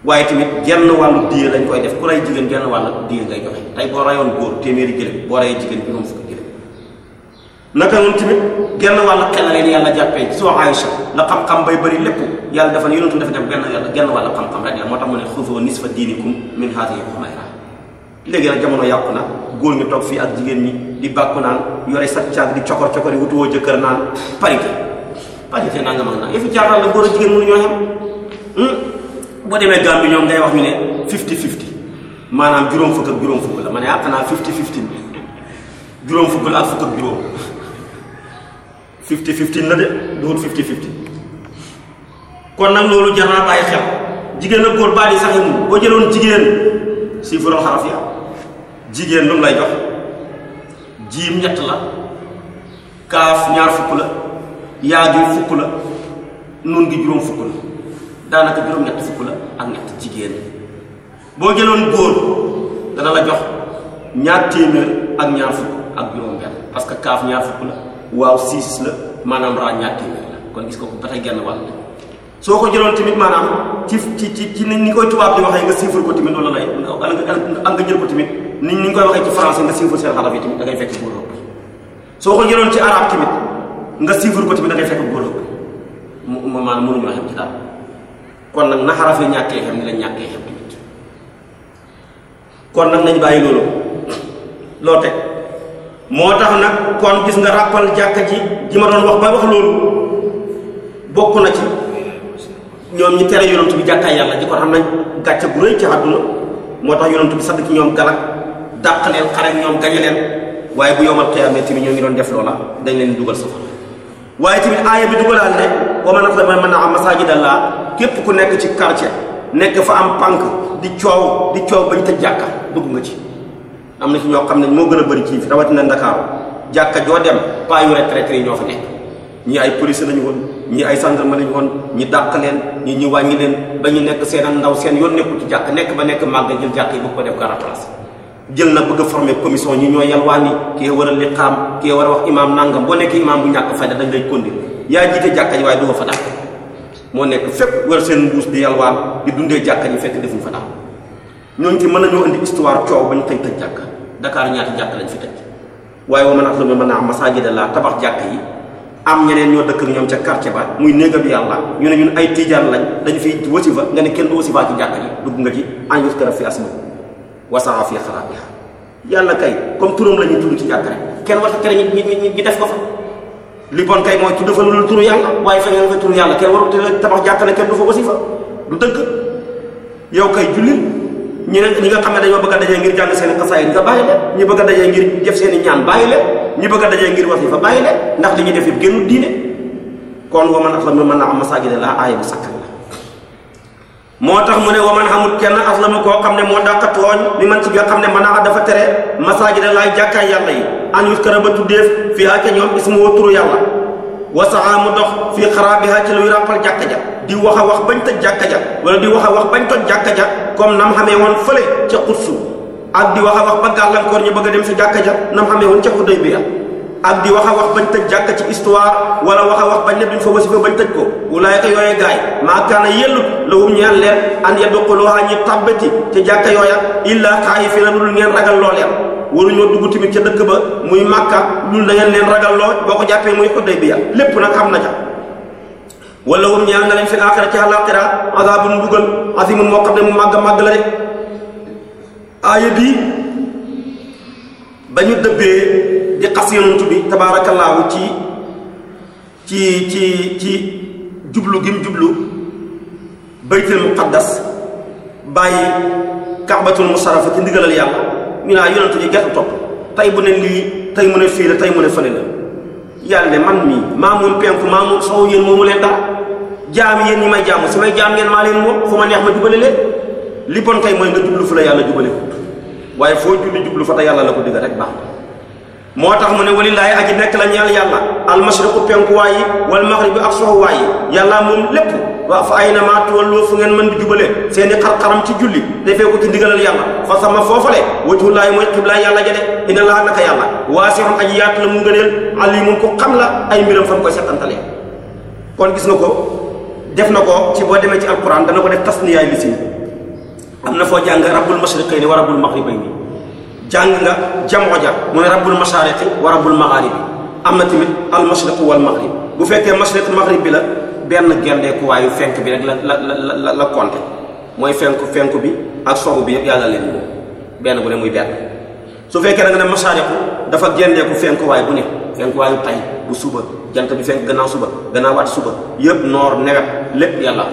waaye tamit genn wàllu diye lañ koy def ku rey jigéen genn wàllu diye ngay joxe tey boo reyoon góor téeméeri gëléem boo reyee jigéen juróom fukki gëléem naka tamit genn wàllu xel leen yàlla jàppee soo Aïcha la xam-xam bay lépp yàlla dafa ne yonentu dafa def benn yàlla genn wàllu xam-xam rek moo tax mu ne xuzoo nisfa diinikum min yàqu na góor ñi toog fii ak jigéen ñi di bàkku naan yore sa caag di cokor cokor yi wutuwoo jëkkër naan parité parité naa nga mag naa yëfi jaaral la góor a jigéen mënu ñoo boo demee Gambie ñoom ngay wax ñu ne fifty fifty maanaam juróom fukk ak juróom fukk la ma ne ah xanaa fifty fifty juróom fukk la de duut fifty fifty kon nag loolu jar naa bàyyi jigéen ak góor baat yi sax mu boo jëloon jigéen si fural xaraf ya jigéen lu mu lay jox jiim ñett la kaaf ñaar fukk la yaa gi fukk la nun gi juróom fukk la daanaka juróom-ñett fukk la ak ñett jigéen boo jëloon góor dana la jox ñaar téeméer ak ñaar ak juróom-benn parce que kaaf ñaar fukk la waaw siis la maanaam raa ñaar la kon gis ko ba genn wàll soo ko jëloon tamit maanaam ci ci ci ci ni koy tubaab di waxee nga siifar ko tamit loolu tamit ni ñu koy waxee ci français nga siifar seen xaraf yi tamit da ngay fekk soo ko jëloon ci arab tamit nga siifar ko tamit da ngay fekk góor maanaam mënuñoo xam ci daal kon nag na xaraf yi ñàkkee xam ni lañ ñàkkee xam tamit kon nag nañ bàyyi loolu loo teg moo tax nag kon gis nga ràppal jàkka ji ji ma doon wax ba wax loolu bokk na ci ñoom ñi tere yonent bi jàkkaay yàlla ji kon xam nañ gàcce bu rëy ci àdduna moo tax yonent bi sadd ci ñoom galak dàq leen xare ñoom gañe leen waaye bu yowmal xiyaamee tamit ñoo ngi doon def loola dañ leen dugal safara waaye tamit aaya bi dugalaal ne wa man azlama mimman mana'a masaajidallaahi képp ku nekk ci quartier nekk fa am pànk di coow di coow bañ tëj jàkka dugg nga ci am na ci ñoo xam ne moo gën a bëri ci fi rawatina Ndakaaru jàkka joo dem pas yu retraité yi ñoo fa nekk ñii ay police lañu woon ñii ay gendarme lañu woon ñi dàq leen ñi ñu wàññi leen ba ñu nekk seen a ndaw seen yoon nekkul ci jàkk nekk ba nekk màgg jël jàkk yi bëgg ko def gara jël na bëgg a formé commission ñi ñoo yalwaani kii war a kii war a wax imaam nangam boo nekk imaam bu ñàkk fayda dañ lay conduire yaa jiite jàkka ji waaye doo fa daal moo nekk fépp war seen mbuus di yalwaan di dundee jàkka ji fekk defuñ fa daal ñooñu ci mën nañoo indi histoire coow bañ tëj tëj jàkka Dakar ñaata jàkka lañ fi tëj waaye wa man axlamu mimman masajida laa tabax jàkka yi am ñeneen ñoo dëkk ak ñoom ca quartier ba muy néegam yàlla ñu ne ñun ay tijaan lañ dañu fiy wasifa nga ne kenn du wasifa ci jàkka ji dugg nga ci an yuskara fi asma wasaa fi xarabiha yàlla kay comme turam la ñuy tudd ci jàkka rek kenn waxi keneen ñi ñi def ko li bon kay mooy tudd fa lu dul turu yàlla waaye feneen fa turu yàlla kenn warut tabax jàkka ne kenn du fa wasifa du dëgg yow kay jullit ñi ne ñi nga xam ne dañoo bëgg a dajee ngir jàng seen xasaay yi nga bàyyi leen ñi bëgg a dajee ngir def seen i ñaan bàyyi leen ñi bëgg a dajee ngir wasifa bàyyi leen ndax li ñu def yëpp génn diine kon wa man atlamu mimman mana'a masaajida llaahi an yus'ala moo tax mu ne waman xamul kenn aslama koo xam ne moo dàq tooñ mi man ci nga xam ne manaa dafa tere masaajida laay jàkkaay yàlla yi an yuskara ba tuddeef fii ake ñoom ismu wa turu yàlla wasaxaa mu dox fii xaraabiha ci luy ràmpal jàkka ja di wax a wax bañ toj jàkka ja wala di wax a wax bañ toj jàkka ja comme nam xamee woon fële ca xutsu ak di wax a wax ba gàllankoor ñu bëgg a dem si jàkka ja nam xamee woon ca xudday bi ak di wax a wax bañ tëj jàkka ci histoire wala wax a wax bañ ne duñ fa wasifa bañ tëj ko wulaayka yooyee gaay maakaana yellut lawum ñaan leen an yadxuluuhaa ñi tàbbati ca jàkka yooya illaa xaayifiina lu ngeen ragal looleen waruñoo dugg tamit ca dëkk ba muy màkka lul na ngeen leen ragal loo boo ko jàppee muy Xudaybiya lépp nag am na ca wala wum ñaan na leen fi aaxira ci àllaaxira azaabun mbugal aziimun moo xam ne mu màgg màgg la rek aaya bi di xas yonent bi tabaarakallaahu ci ci ci ci jublu gim jublu baytul muqaddas bàyyi kaabatul musarafa ci ndigalal yàlla ñu naa yonent bi gertu topp tey bu ne lii tey mu ne fii la tey mu ne fële la yàlla ne man mii maa moom penku maa moom sow yéen moomu leen dara jaam yéen ñi may jaamu su may jaam ngeen maa leen moom fu ma neex ma jubale leen li bon kay mooy nga jublu fu la yàlla jubale ko waaye foo julli jublu fa te yàlla la ko digga rek baax moo tax mu ne walillaahi aji nekk la ñeel yàlla almashriqu penkuwaay yi wal maxribu ak soxuwaay yi yàllaa moom lépp waa fa ay namaa tuwalloo fu ngeen mën di jubale seen i xar-xaram ci julli defee ko ci ndigalal yàlla fa sama foofale wajhullaahi mooy xiblaay yàlla ja de ina laa naka yàlla waasixun aji yaatu la mu ngëneel alimun ko xam la ay mbiram fa mu koy setantalee kon gis nga ko def na ko ci boo demee ci alquran dana ko def tasniyaay lisin am na foo jàng rabbul mashriqayni wa rabbul maxribayni jàng nga jamoo ja mu ne rabbul masariqi wa rabbul magharibi am na tamit al mashriqu wal maghrib bu fekkee mashriq maghrib bi la benn gendeekuwaayu fenk bi rek la la la la mooy fenk fenk bi ak sowu bi yëpp leen moom benn bu ne muy benn su fekkee da nga ne masariqu dafa gendeeku fenkuwaay bu ne fenkuwaayu tay bu suba jant bi fenk gannaaw suba gannaaw waat suba yëpp noor newet lépp yàlla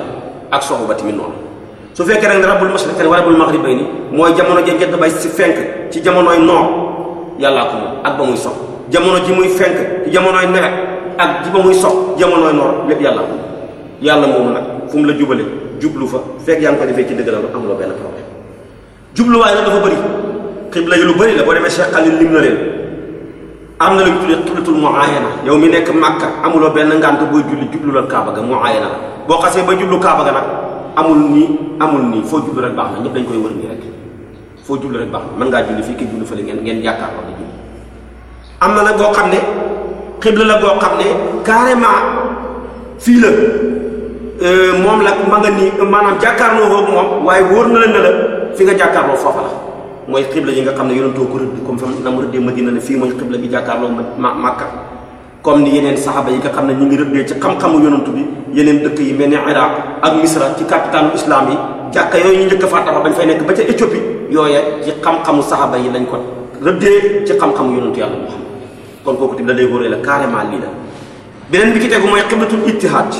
ak sowu ba tamit noonu su fekkee rek dara rabbul mashriqayn wa rabbul mooy jamono ja jant bay fenk ci jamonoy noor yàlla ko moom ak ba muy sox jamono ji muy fenk ci jamonoy nawet ak ji ba muy sox jamonoy noor lépp yàllaa ko moom nag fu la jubale jublu fa fekk yaa ngi ko defee ci dëgg la amuloo benn problème jubluwaay nag dafa bëri xibla yi lu bëri la boo defee Cheikh Khalil lim na leen am na lu ñu tuddee xiblatul muayana yow mi nekk Màkka amuloo benn ngànt booy julli jublu la Kaaba ga muayana la boo xasee ba jublu Kaaba amul nii amul nii foo jublu rek baax na ñëpp dañ koy wër nii rek foo jublu rek baax na mën ngaa julli fii kii julli fële ngeen ngeen jàkkaarloo di julli am na nag boo xam ne xibla la boo xam ne carrément fii la euh, moom la ma nga nii maanaam jàkkaarloo boobu moom waaye wóor na la ne la fi nga jàkkaarloo foofa la mooy xibla yi nga xam ne yonentoo ko rëdd comme fa na mu rëddee Madina ne fii mooy xibla bi jàkkaarloo ma Makka comme ni yeneen saxaba yi nga xam ne ñu ngi rëddee ci xam-xamu yonantu bi yeneen dëkk yi mel ni iraq ak misra ci capitalu islam yi jàkka yooyu ñu njëkk a faa tabax bañ fay nekk ba ca éthiopie yooya ci xam-xamu saxaba yi lañ ko rëddee ci xam-xamu yonantu yàlla moo xam kon kooku tamit da lay wóoree la carrément lii la beneen bi ci tegu mooy xiblatul ittihaad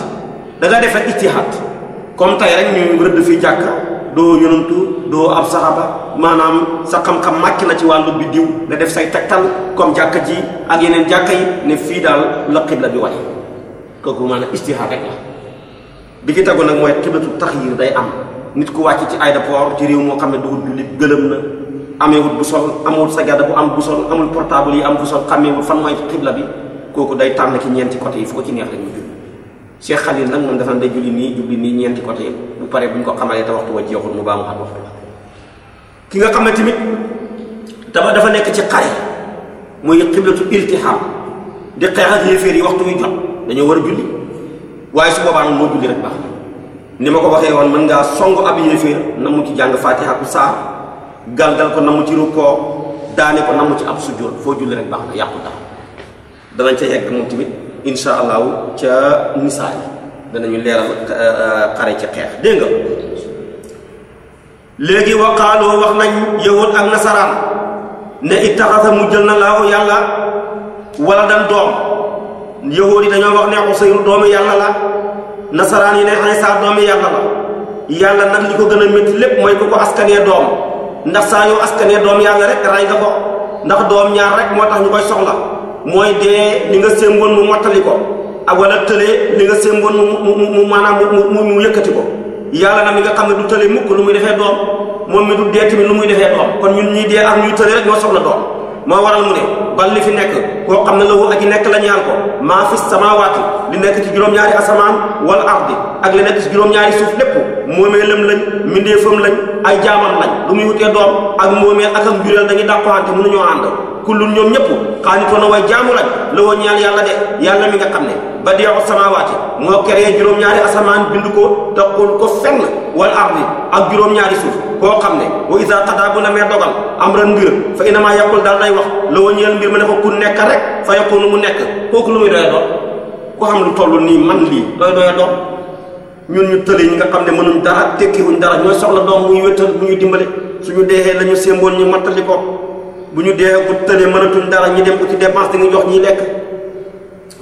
da nga defee ittihaad comme tey rek ñu rëdd fi jàkka doo yonantu doo ab saxaba maanaam sa xam-xam màcc na ci wàllu biddiw nga def say tegtal comme jàkka ji ak yeneen jàkka yi ne fii daal la xibla bi waye kooku maanaam istihaad rek la bi ci tegu nag mooy xiblatu taxyir day am nit ku wàcc ci ay aéroport ci réew moo xam ne duwul jullit gëlëm na ameewut bu sol amul sagada bu am bu sol amul portable yi am bu sol xàmmeewul fan mooy xibla bi kooku day tànn ci ñeenti côté yi fu ci neex rek ñu Cheikh Khalil nag moom dafa day julli nii julli nii ñeenti côté yëpp bu paree buñ ko xamalee te waxtu wa jeexul mu baamu xat waxtu ki nga xam ne tamit dama dafa nekk ci xare muy xiblatu iltiham di xeex ak yéeféer yi waxtu wi jot dañoo war a julli waaye su boobaa moo julli rek baax ni ma ko waxee woon mën ngaa song ab yéeféer na mu ci jàng fatiha ku saar galgal ko na mu ci rukkoo daane ko na mu ci ab sujjóot foo julli rek baax na yàqu dara danañ ca yegg tamit incha allahu ca misaal yi danañu leeral euh, xare ci xeex dégg nga léegi waqaaloo wax nañ yahud ak nasaraan ne ittaxasa mu jël na laaw yàlla wala dan doom yahud yi dañoo wax ne Usayr doomu yàlla la nasaraan yi ne Iisaa doomu yàlla la yàlla nag li ko gën a métti lépp mooy ku ko askanee doom ndax saa yoo askanee doom yàlla rek ray nga ko ndax doom ñaar rek moo tax ñu koy soxla mooy dee li nga sémboon mu mottali ko ak wala tëlee li nga sémboon mu mu mu maanaam mu mu yëkkati ko yàlla na mi nga xam ne du tëlee mukk lu mu defee doom moom mi du dee tamit lu muy defee doom kon ñu ñii dee ak ñuy tëlee rek ñoo soxla doom moo waral mu ne bal li fi nekk koo xam ne la wu aji nekk la ñaan ko maa fi samaawaati li nekk ci juróom-ñaari asamaan wala ardi ak li nekk ci juróom lépp moomeelam lañ mbindeefam lañ ay jaamam lañ lu muy wutee doom ak moomeel ak ak njureel dañuy dàqoante mënuñoo ànd kullun ñoom ñëpp xaanitoona way jaamu lañ la woon ñeel yàlla de yàlla mi nga xam ne badi'u samaawaati moo créé juróom-ñaari asamaan bind ko taxul ko fenn wal ardi ak juróom-ñaari suuf koo xam ne wa isa xadaa bu na mee dogal amran mbir fa inamaa yàqul daal day wax la woon mbir ma ne nekk rek fa yakunu mu nekk kooku ku xam lu toll nii man lii doy doy doom ñun ñu tële ñi nga xam ne mënuñ dara tekkiwuñ dara ñooy soxla doom bu ñu wétal bu ñu dimbale suñu deexee la sémboon ñu mattali ko bu ñu dee bu tële mënatuñ dara ñu dem uti dépense di jox ñi lekk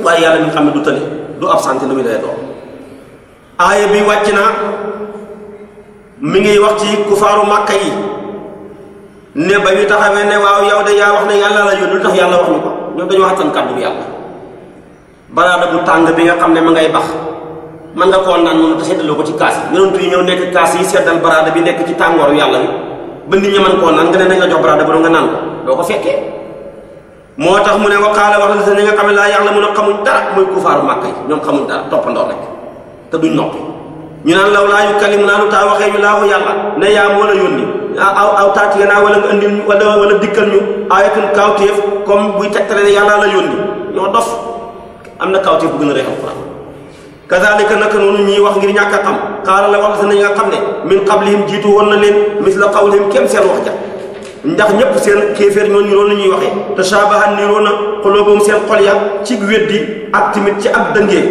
waaye yàlla ñu xam ne du tële du absenté lu muy lay doom aaya bi wàcc na mu ngiy wax ci kufaaru màkka yi ne ba ñu taxawee ne waaw de yaa wax ne yàlla la yónni lu tax yàlla wax ñu ko ñoom dañoo xattan kàddu yàlla baraada bu tàng bi nga xam ne ma ngay bax man nga koo naan noonu te seddaloo ko ci kaas yi yonent yi ñëw nekk kaas yi seddal baraada bi nekk ci tàngooru yàlla bi ba nit ñi mën koo naan nga ne nañ la jox baraada bu nga naan ko doo ko fekkee moo tax mu ne waqaala wax na ñi laa yàlla mun a xamuñ dara muy kufaaru màkk yi ñoom xamuñ dara toppandoo ñu naan law laa yu kalim naa lu taa waxee ñu laahu yàlla ne yaa moo la yónni aw aw taati nga naa wala nga andil wala wala dikkal ñu aayatun kaawteef comme buy tegtale ne yàlla dof am na kawtee bu gën a rey alquran kazalika naka noonu ñuy wax ngir ñàkk a xam xaala la wax nañ nga xam ne min qablihim jiitu woon na leen misla qawlihim kéem seen wax ja ndax ñëpp seen kéeféer ñoo niroon ñuy waxee tashabaha niroo na xolooboom seen xol ya ci weddi ak tamit ci ak dëngee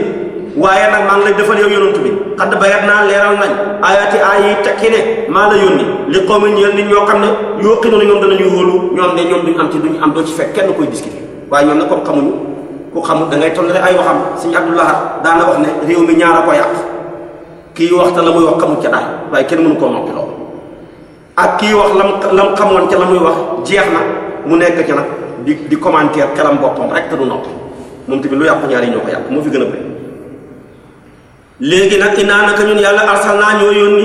waaye nag maa ngi lay defal yow yonantu bi xadd naa leeral nañ ayaati aay yi tekki ne maa la ñoo xam ne yoo xinoon ñoom danañu wóolu ñoom ne ñoom duñu am ci duñu am doo ci fekk kenn koy discuter waaye ñoom nag comme xamuñu ku xamul da ngay toll ay waxam suñu abdoulahat daana wax ne réew mi ñaar a ko yàq kii waxta la muy wax xamul ca daal waaye kenn mënu koo noppi loolu ak kii xamoon ca la muy wax jeex na mu nekk ca di di commentaire xelam boppam rek te du noppi moom tamit yàqu ñaar yi ñoo ko yàq moo fi gën a bëri léegi nag inaa naka ñun yàlla arsal naa ñoo yónni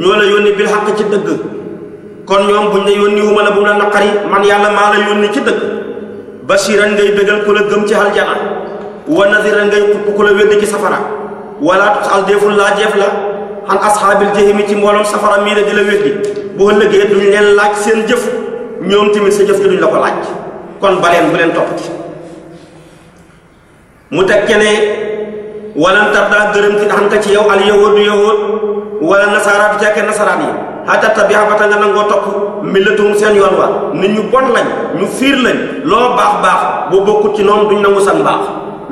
ñoo la yónni bil xaq ci dëgg kon ñoom buñ da yónni wuma la bu mu la naqari man yàlla maa la yónni ci dëgg bashiran ngay bégal ku la gëm ci aljana wa nadiran ngay xupp ku la wedd ci safara wala tusal deeful laa la xan asxaabil jahimi ci mbooloom safara mii la di la weddi bu ëllëgee duñ leen laaj seen jëf ñoom tamit sa jëf gi duñ la ko laaj kon baleen bu leen toppati mu teg ca ne walan tardaa gërëm ci xan ka ci yow al wala nasaara du cekkee nasaraan yi xatta tabiha ta nga nangoo topp millatuhum seen yoon wa nit ñu bon lañ ñu fiir lañ loo baax baax boo bokkut ci ñoom duñ nangu sa mbaax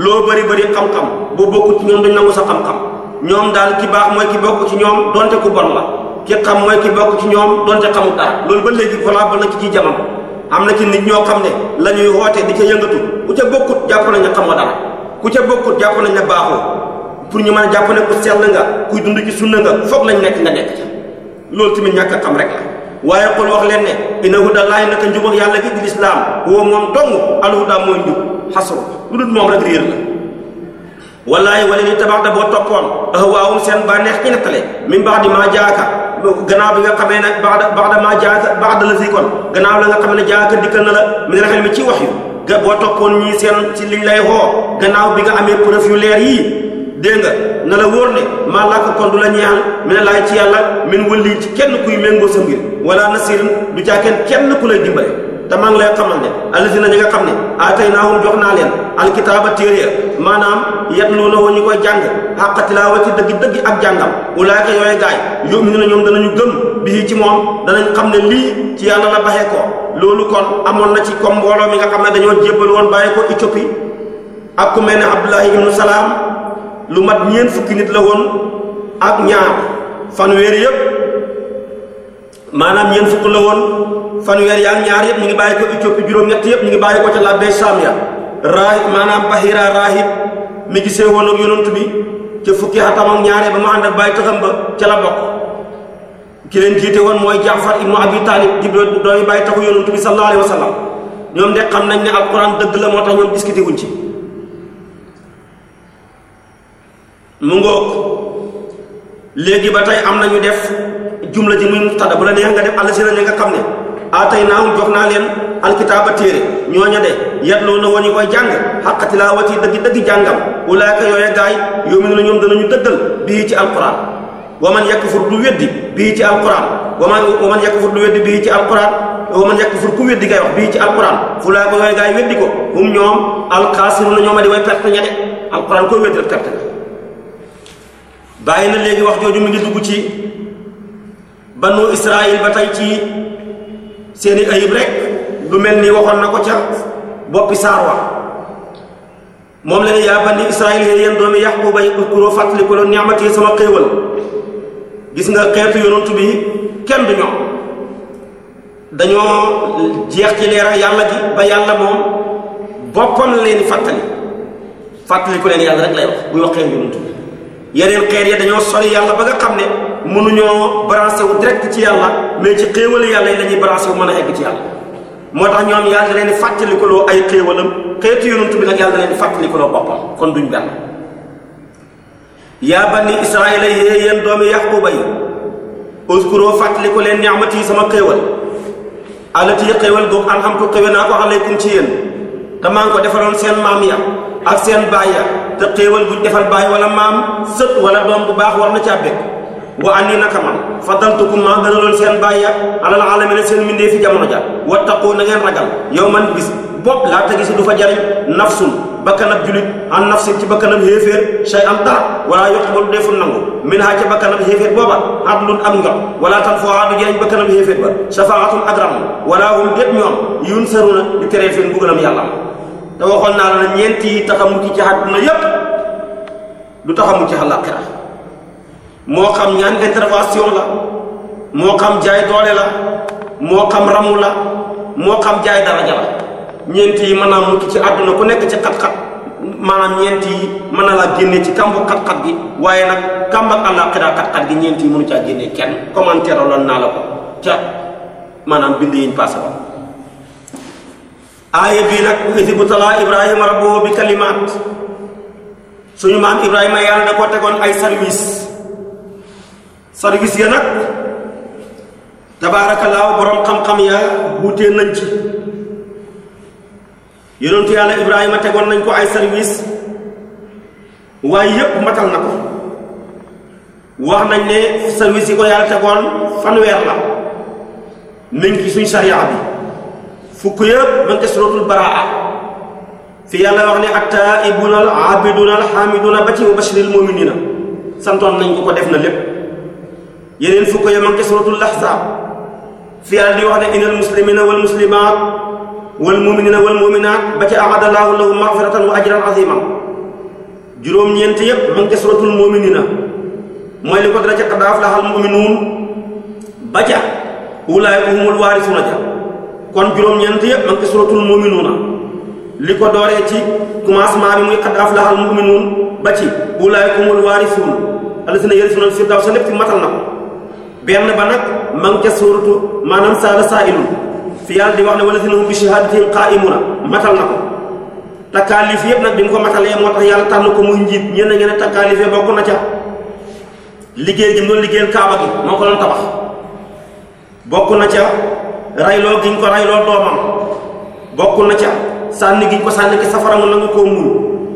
loo bëri bëri xam-xam boo bokkut ci ñoom duñ nangu sa xam-xam ñoom daal ki baax mooy ki bokk ci ñoom donte ku bon la ki xam mooy ki bokk ci ñoom donte xamut dara loolu ba léegi valable na ci ci jamono am na ci nit ñoo xam ne la ñuy woote di ca yëngatu ku ca bokkut jàpp nañ ne xamoo dara ku ca bokkut jàpp nañ ne baaxoo pour ñu mën jàpp ne ku sell nga kuy dund ci sunna nga foog lañ nekk nga nekk ca loolu tamit ñàkk xam rek la waaye xul wax leen ne inna huda laay naka njubal yàlla gi di lislaam woo moom dong alhuda mooy njub xasru lu dul moom rek réer la wallaahi wala ni tabax da boo toppoon ahwaawum seen bànneex ci nettale min baax di maa jaaka gannaaw bi nga xamee ne baax da baax da maa jaaka baax da la si kon gannaaw la nga xam ne jaaka dikkal na la min raxel mi ci wax yu boo toppoon ñii seen ci liñ lay xoo bi nga amee preuve leer yii dégg nga na la wóor ne maa laa kon du la ñaan mi ne ci yàlla min wëlli ci kenn kuy méngoo sa mbir wala nasirin du caa kenn kenn ku lay dimbale te maa ngi lay xamal ne alladina ñi nga xam ne aataynaahum jox naa leen alkitaaba téere maanaam yatluuna woo ñu koy jàng xàqa ci dëgg-dëgg ak jàngam ulaayka yooyu gaay yu'minuuna ñoom danañu gëm bii ci moom dana xam ne lii ci yàlla la baxee ko loolu kon amoon na ci comme mbooloo mi nga xam ne dañoo jébbal woon bàyyi ko Éthiopie ak ku mel ne Abdullahi ibnu Salaam lu mat ñeent fukki nit la woon ak ñaar fanweer yëpp maanaam ñeent fukk la woon fanweer yaa ak ñaar yëpp ñu ngi bàyyi ko Éthiopie juróom-ñett yëpp ñu ngi bàyyi ko ca labbe Samia raahib maanaam Bahira raahib mi gisee woon ak yonent bi ca fukki atam ak ñaaree ba mu ànd ak bàyyi taxam ba ca la bokk ki leen woon mooy Jaafar ibnu Abi Taalib di doomi bàyyi taxu yonent bi sallallahu alayhi wa sallam ñoom de xam nañ ne alquran dëgg la moo tax ñoom discuté ci mu ngoog léegi ba tey am na ñu def jumla ji muy mubtada bu la neex nga def allazina ñi nga xam ne atay ah, naahum jox naa leen alkitaaba téere ñooña de yatloo na woon ñu koy jàng xaqa tilaawati dëgg dëgg jàngam ulaayka yooye gaay yu'minuuna ñoom ñu dëggal bii ci alquran wa man yakfur du weddi bii ci alquran wa man wa man yakfur du weddi bii ci alquran wa man yakfur ku weddi ngay wax bii ci alquran ulaayka yooye gaay weddi ko hum ñoom alxaasiruuna ñooma di way perte ña de alquran koy weddi bàyyi na léegi wax jooju mu ngi dugg ci banu Israël ba tey ci seeni ayib rek lu mel ni waxoon na ko ca boppi saar wa moom la ne yaa bani Israël yéen yéen doomi Yaquba yi kuroo fàttali ko loon sama xéewal gis nga xeetu yonantu bi kenn du ñoom dañoo jeex ci leera yàlla gi ba yàlla moom boppam leen fàttali fàttali ko leen yàlla rek lay wax buy wax yonantu bi yeneen xeer ya dañoo sori yàlla ba nga xam ne mënuñoo branché wu direct ci yàlla mais ci xéewal yàlla yi la ñuy wu mën a egg ci yàlla moo tax ñoom yàlla da leen di fàttalikuloo ay xéewalam xeetu yonent bi nag yàlla da leen di fàttalikuloo boppam kon duñ benn yaa bani israila yée yéen doomi yaquba yi uskuroo fàttaliku leen ni'mati yi sama xéewal alati xéewal googu an xam ko xéwe naa ko alaykum ci yéen te maa ngi ko defaloon seen maam ya ak seen baay ya te xéewal buñ defal baay wala maam sët wala doom bu baax war na caa bëgg wa andi naka man fadaltukum ma dana loon seen baay ya alal alamina seen mindee fi jamono ja wattaqoo na ngeen ragal yow man bis bopp laa te gisi du fa jariñ ba bakkanab julit an nafsin ci bakkanab xéeféer shay an dara wala yoqbalu deful nangu min ha ca bakkanab xéeféer booba adlun am njot wala tan foo aa du jariñ bakkanab xéeféer ba shafaatun adram wala hum dépp ñoom yun saruna te waxoon naa la ñeent yi tax a mucc ci àdduna yépp lu tax a mucc àllaaxira moo xam ñaan intervention la moo xam jaay doole la moo xam ramu la moo xam jaay daraja la ñeent yi mën naa mucc ci àdduna ku nekk ci xat-xat maanaam ñeent yi mën na laa génne ci kàmbu xat-xat gi waaye nag kàmb ak xat-xat gi ñeent yi mënu caa génne kenn commentaire loon naa la ko ca maanaam bind yiñ passé ba aaya bii nag isibtalaa ibrahima rabbuhu bi kalimaat suñu maam ibrahima yàlla da ko tegoon ay service service ya nag tabaarakallaahu boroom xam-xam ya wuutee nañ ci yonentu yàlla ibrahima tegoon nañ ko ay service waaye yépp matal na ko wax nañ ne service yi ko yàlla tegoon fanweer la mi ci suñ sariya bi fukk yëpp ba nga suratul baraa fi yàlla wax ne attaibuna al abiduna al hamiduna ba wa bashiril muminina santoon nañ ko def na lépp yeneen fukk ya ma nga suratul lahzaab fi yàlla di wax ne inal muslimina wal muslimaat wal muminina wal muminaat magfiratan wa ajran aziman juróom-ñeent yëpp ma nga suratul muminina mooy li ko dara ca qadaaf lahal muminuun ba ca ulaay humul waarisuuna ja kon juróom-ñeent yëpp ma ngi ci suratul muminuuna li ko dooree ci commencement bi muy qad aflahal muminuun ba ci ulaa'ika humul waarisuun allazina yarisuuna firdaws sa lépp ci matal na ko benn ba nag ma ngi ca suratu maanaam saala saailun fi yàlla di wax ne wallazina hum bi shahaadatihim qaa'imuuna matal na ko takkaalif yëpp nag bi mu ko matalee moo tax yàlla tànn ko muy njiit ñenn ngeen takkaalif yi bokk na ca liggéey gi mu doon liggéeyal kaaba gi moo ko doon na rayloo giñ ko rayloo doomam bokk na ca sànni giñ ko sànni ci safara mu nangu koo muñ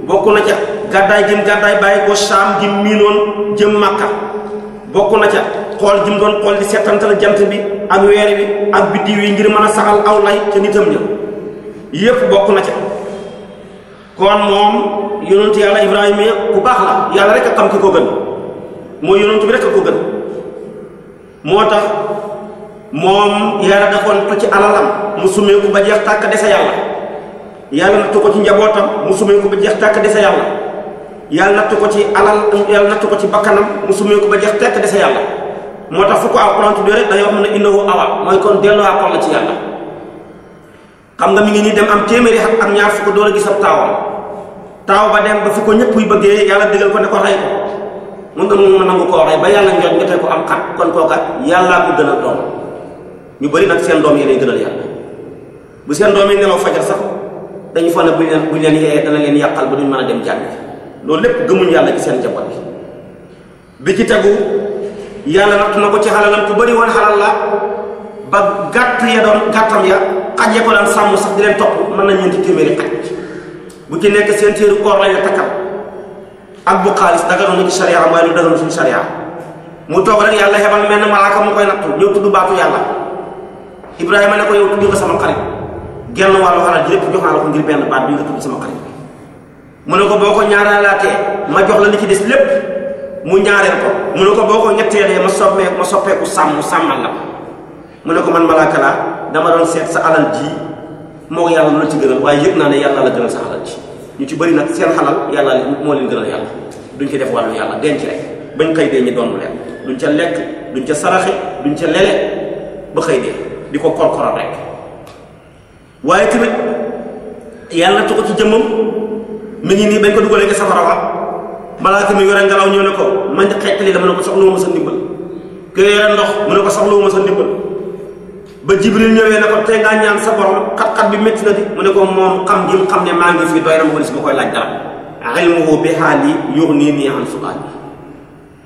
bokk na ca gàddaay gim gàddaay bàyyi ko saam gim miinoon jëm màkka bokk na ca xool jim doon xool di settantal jant bi ak weer wi ak biddiw yi ngir mën a saxal aw lay ca nitam ña yépp bokk na ca kon moom yonentu yàlla ibrahima ku baax la yàlla rek a xam ki ko gën mooy yonentu bi rek a ko gën moo tax moom yàlla defoon ko ci alalam mu sumeeku ba jeex tàkk dese yàlla yàlla nattu ko ci njabootam mu summeeku ba jeex tàkk dese yàlla yàlla nattu ko ci alal yàlla nattu ko ci bakkanam mu summeeku ba jeex tàkk dese yàlla moo tax fu ko alxuraan tuddee rek day wax a ne innahu mooy kon delloo akkool la ci yàlla xam nga mu ngi nii dem am téeméeri at ak ñaar fukk door a gis ab taawam taaw ba dem ba fu ko ñëpp yu bëggee yàlla digal ko ne ko rey ko mun nga mun a doon ñu bëri nag seen doom yi lañ gënal yàlla bu seen doom yi nelaw fajar sax dañu fa ne buñ leen buñ leen yeeyee dana leen yàqal ba duñ mën a dem jàng loolu lépp gëmuñ yàlla ci seen njaboot bi bi ci tegu yàlla natt na ko ci xalalam ku bari woon xalal la ba gàtt ya doon gàttam ya xaj ya ko daan sàmm sax di leen topp mën na ñeenti téeméeri xaj bu ci nekk seen téeru koor a takkal ak bu xaalis daganoon na ci sariya waaye lu daganoon suñu sariya mu toog rek yàlla xebal mel ne malaaka mu yàlla Ibrahima ne ko yow tudd nga sama xarit genn wàllu xaral ji lépp jox naa la ko ngir benn baat bi nga tudd sama xarit mu ne ko boo ko ñaaraalaatee ma jox la li ci des lépp mu ñaareel ko mu ne ko boo ko ma soppee ma soppeeku sàmm sàmmal la mu ne ko man malaaka laa dama doon seet sa alal ji moo yàlla lu la ci gënal waaye yëpp naa ne yàlla la gënal sa alal ji ñu ci bëri nag seen xalal yàlla moo leen gënal yàlla duñ ci def wàllu yàlla denc rek bañ xëy dee ñu doon leen duñ ca lekk duñ ca saraxe duñ ca lele ba xëy di ko korkoral rek waaye tamit yàlla tu ko ci jëmmam mi ngi nii bañ ko dugalee nga safara wa malaaka mi yore ngelaw ñëw ne ko man xeetali la mu ne ko soxla ma sa ndimbal ke ndox mu ko soxla ma sa ndimbal ba jibril ñëwee ne ko tey ngaa ñaan sa borom xat-xat bi metti na di mu ne ko moom xam gi ne maa ngi fi doy na ma ko si ma koy laaj dara ilmuhu bi haali yughnini an su'aali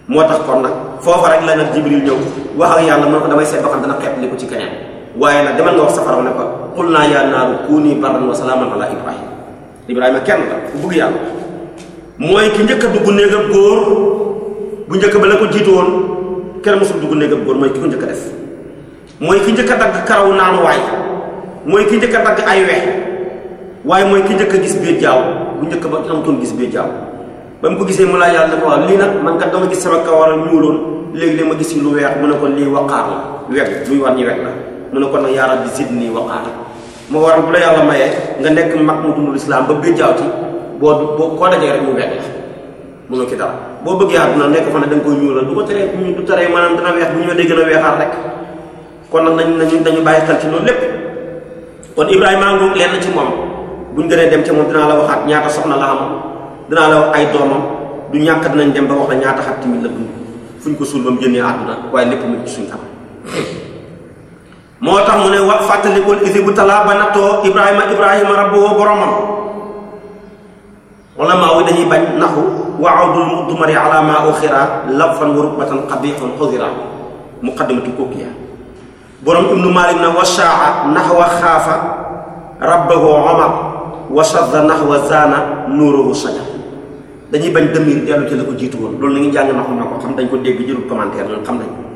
moo tax kon nag foofa rek la nag jibril ñëw wax ak yàlla mu a ko damay seet xam ko ci keneen waaye nag demal nga wax safara ne ko xul naa yaa naaru kuuni bardan wa salaaman ala ibrahima ibrahima kenn la ku bëgg yàlla mooy ki njëkk dugg néegam góor bu njëkk ba la ko jiitu woon kenn mosul dugg néegam góor mooy ki ko a def mooy ki njëkk a dagg karaw naanu njëkk dagg ay we waaye mooy ki njëkk gis biir jaaw bu njëkk ba amutoon gis biir jaaw ba mu ko gisee mu laa yàlla ne ko lii nag man kat dama gis sama kawar a ñuuloon léegi-léeg ma gis lu weex mu ne ko lii waqaar la weg luy war ñi lu ne ko nag yaa rabbi zidni waqaata moo waral bu la yàlla mayee nga nekk mag mu dundul islam ba biir jaaw ci boo boo koo dajee rek mu weex la mënoo ci boo bëggee àdduna nekk fa ne da koy ñuulal du ko teree du teree maanaam dana weex bu ñëwee a weexaat kon nag nañ nañ dañu bàyyi xel ci loolu lépp kon Ibrahima ngoog lenn ci moom bu buñ gënee dem ci moom dinaa la wax ak ñaata soxna la am danaa la wax ay doomam du ñàkk dinañ dem ba wax la ñaata xat tamit la dund fu ñu ko suul ba mu génnee àdduna waaye lépp mu moo tax mu ne wax fàttalikul isi bu talaa ba nattoo ibrahima ibrahima rabbuhu boromam wala maa wi dañuy bañ naxu waawdul mudmari ala maa uxira labfan wa rukbatan xabixun xudira muqaddimatu kookiya borom ibnu malik na washaa naxwa xaafa rabbahu omar wa sadda naxwa zaana nuuruhu saja dañuy bañ demir dellu ci la ko jiitu woon loolu la ngi jàng naxu na ko xam dañ ko dégg jërul commentaire ñun xam nañ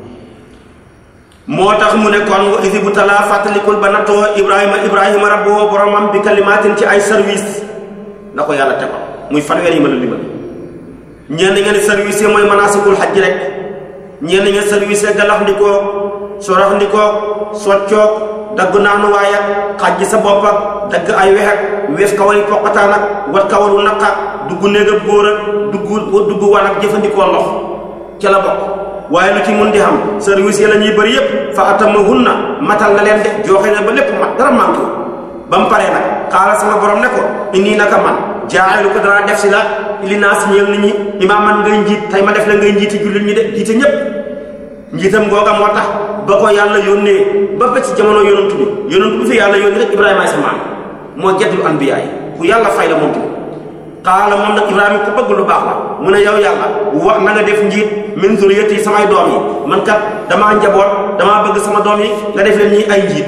moo tax mu ne kon wa bu talaa fàttalikul ba nattoo ibrahima ibrahima rabboo boromam bi kalimaatin ci ay service la ko yàlla tegal muy fanweer yi ma la limal ñeen ngeen service yi mooy manaasikul xaj rek ñeen ngeen service galax ndikoo sorax dagg naanu waay ak xaj sa bopp ak dagg ay wex ak weef wat kawalu naqa dugg néegab góor ak dugg dugg wan ak jëfandikoo lox ca bokk waaye lu ci mun di xam service yi la ñuy bëri yépp fa atamahunna matal na leen de joxe na ba lépp mat dara mantu ba mu paree nag xaaral sama borom ne ko nii naka man jaaxeelu ko danaa def si la li naa si ñeel nit ñi imaaman ngay njiit tey ma def la ngay njiiti jullit ñi de jiite ñépp njiitam googa moo tax ba ko yàlla yónnee ba ba ci jamono yonantu bi yonantu bi fi yàlla yónnee rek Ibrahima ay sa maam moo jaddu anbiyaa yi ku yàlla fay la xaala moom nag Ibrahima ku bëgg lu baax la mu ne yow yàlla wax na nga def njiit min zuriyati samay doom yi man kat damaa njaboot damaa bëgg sama doom yi nga def leen ñii ay njiit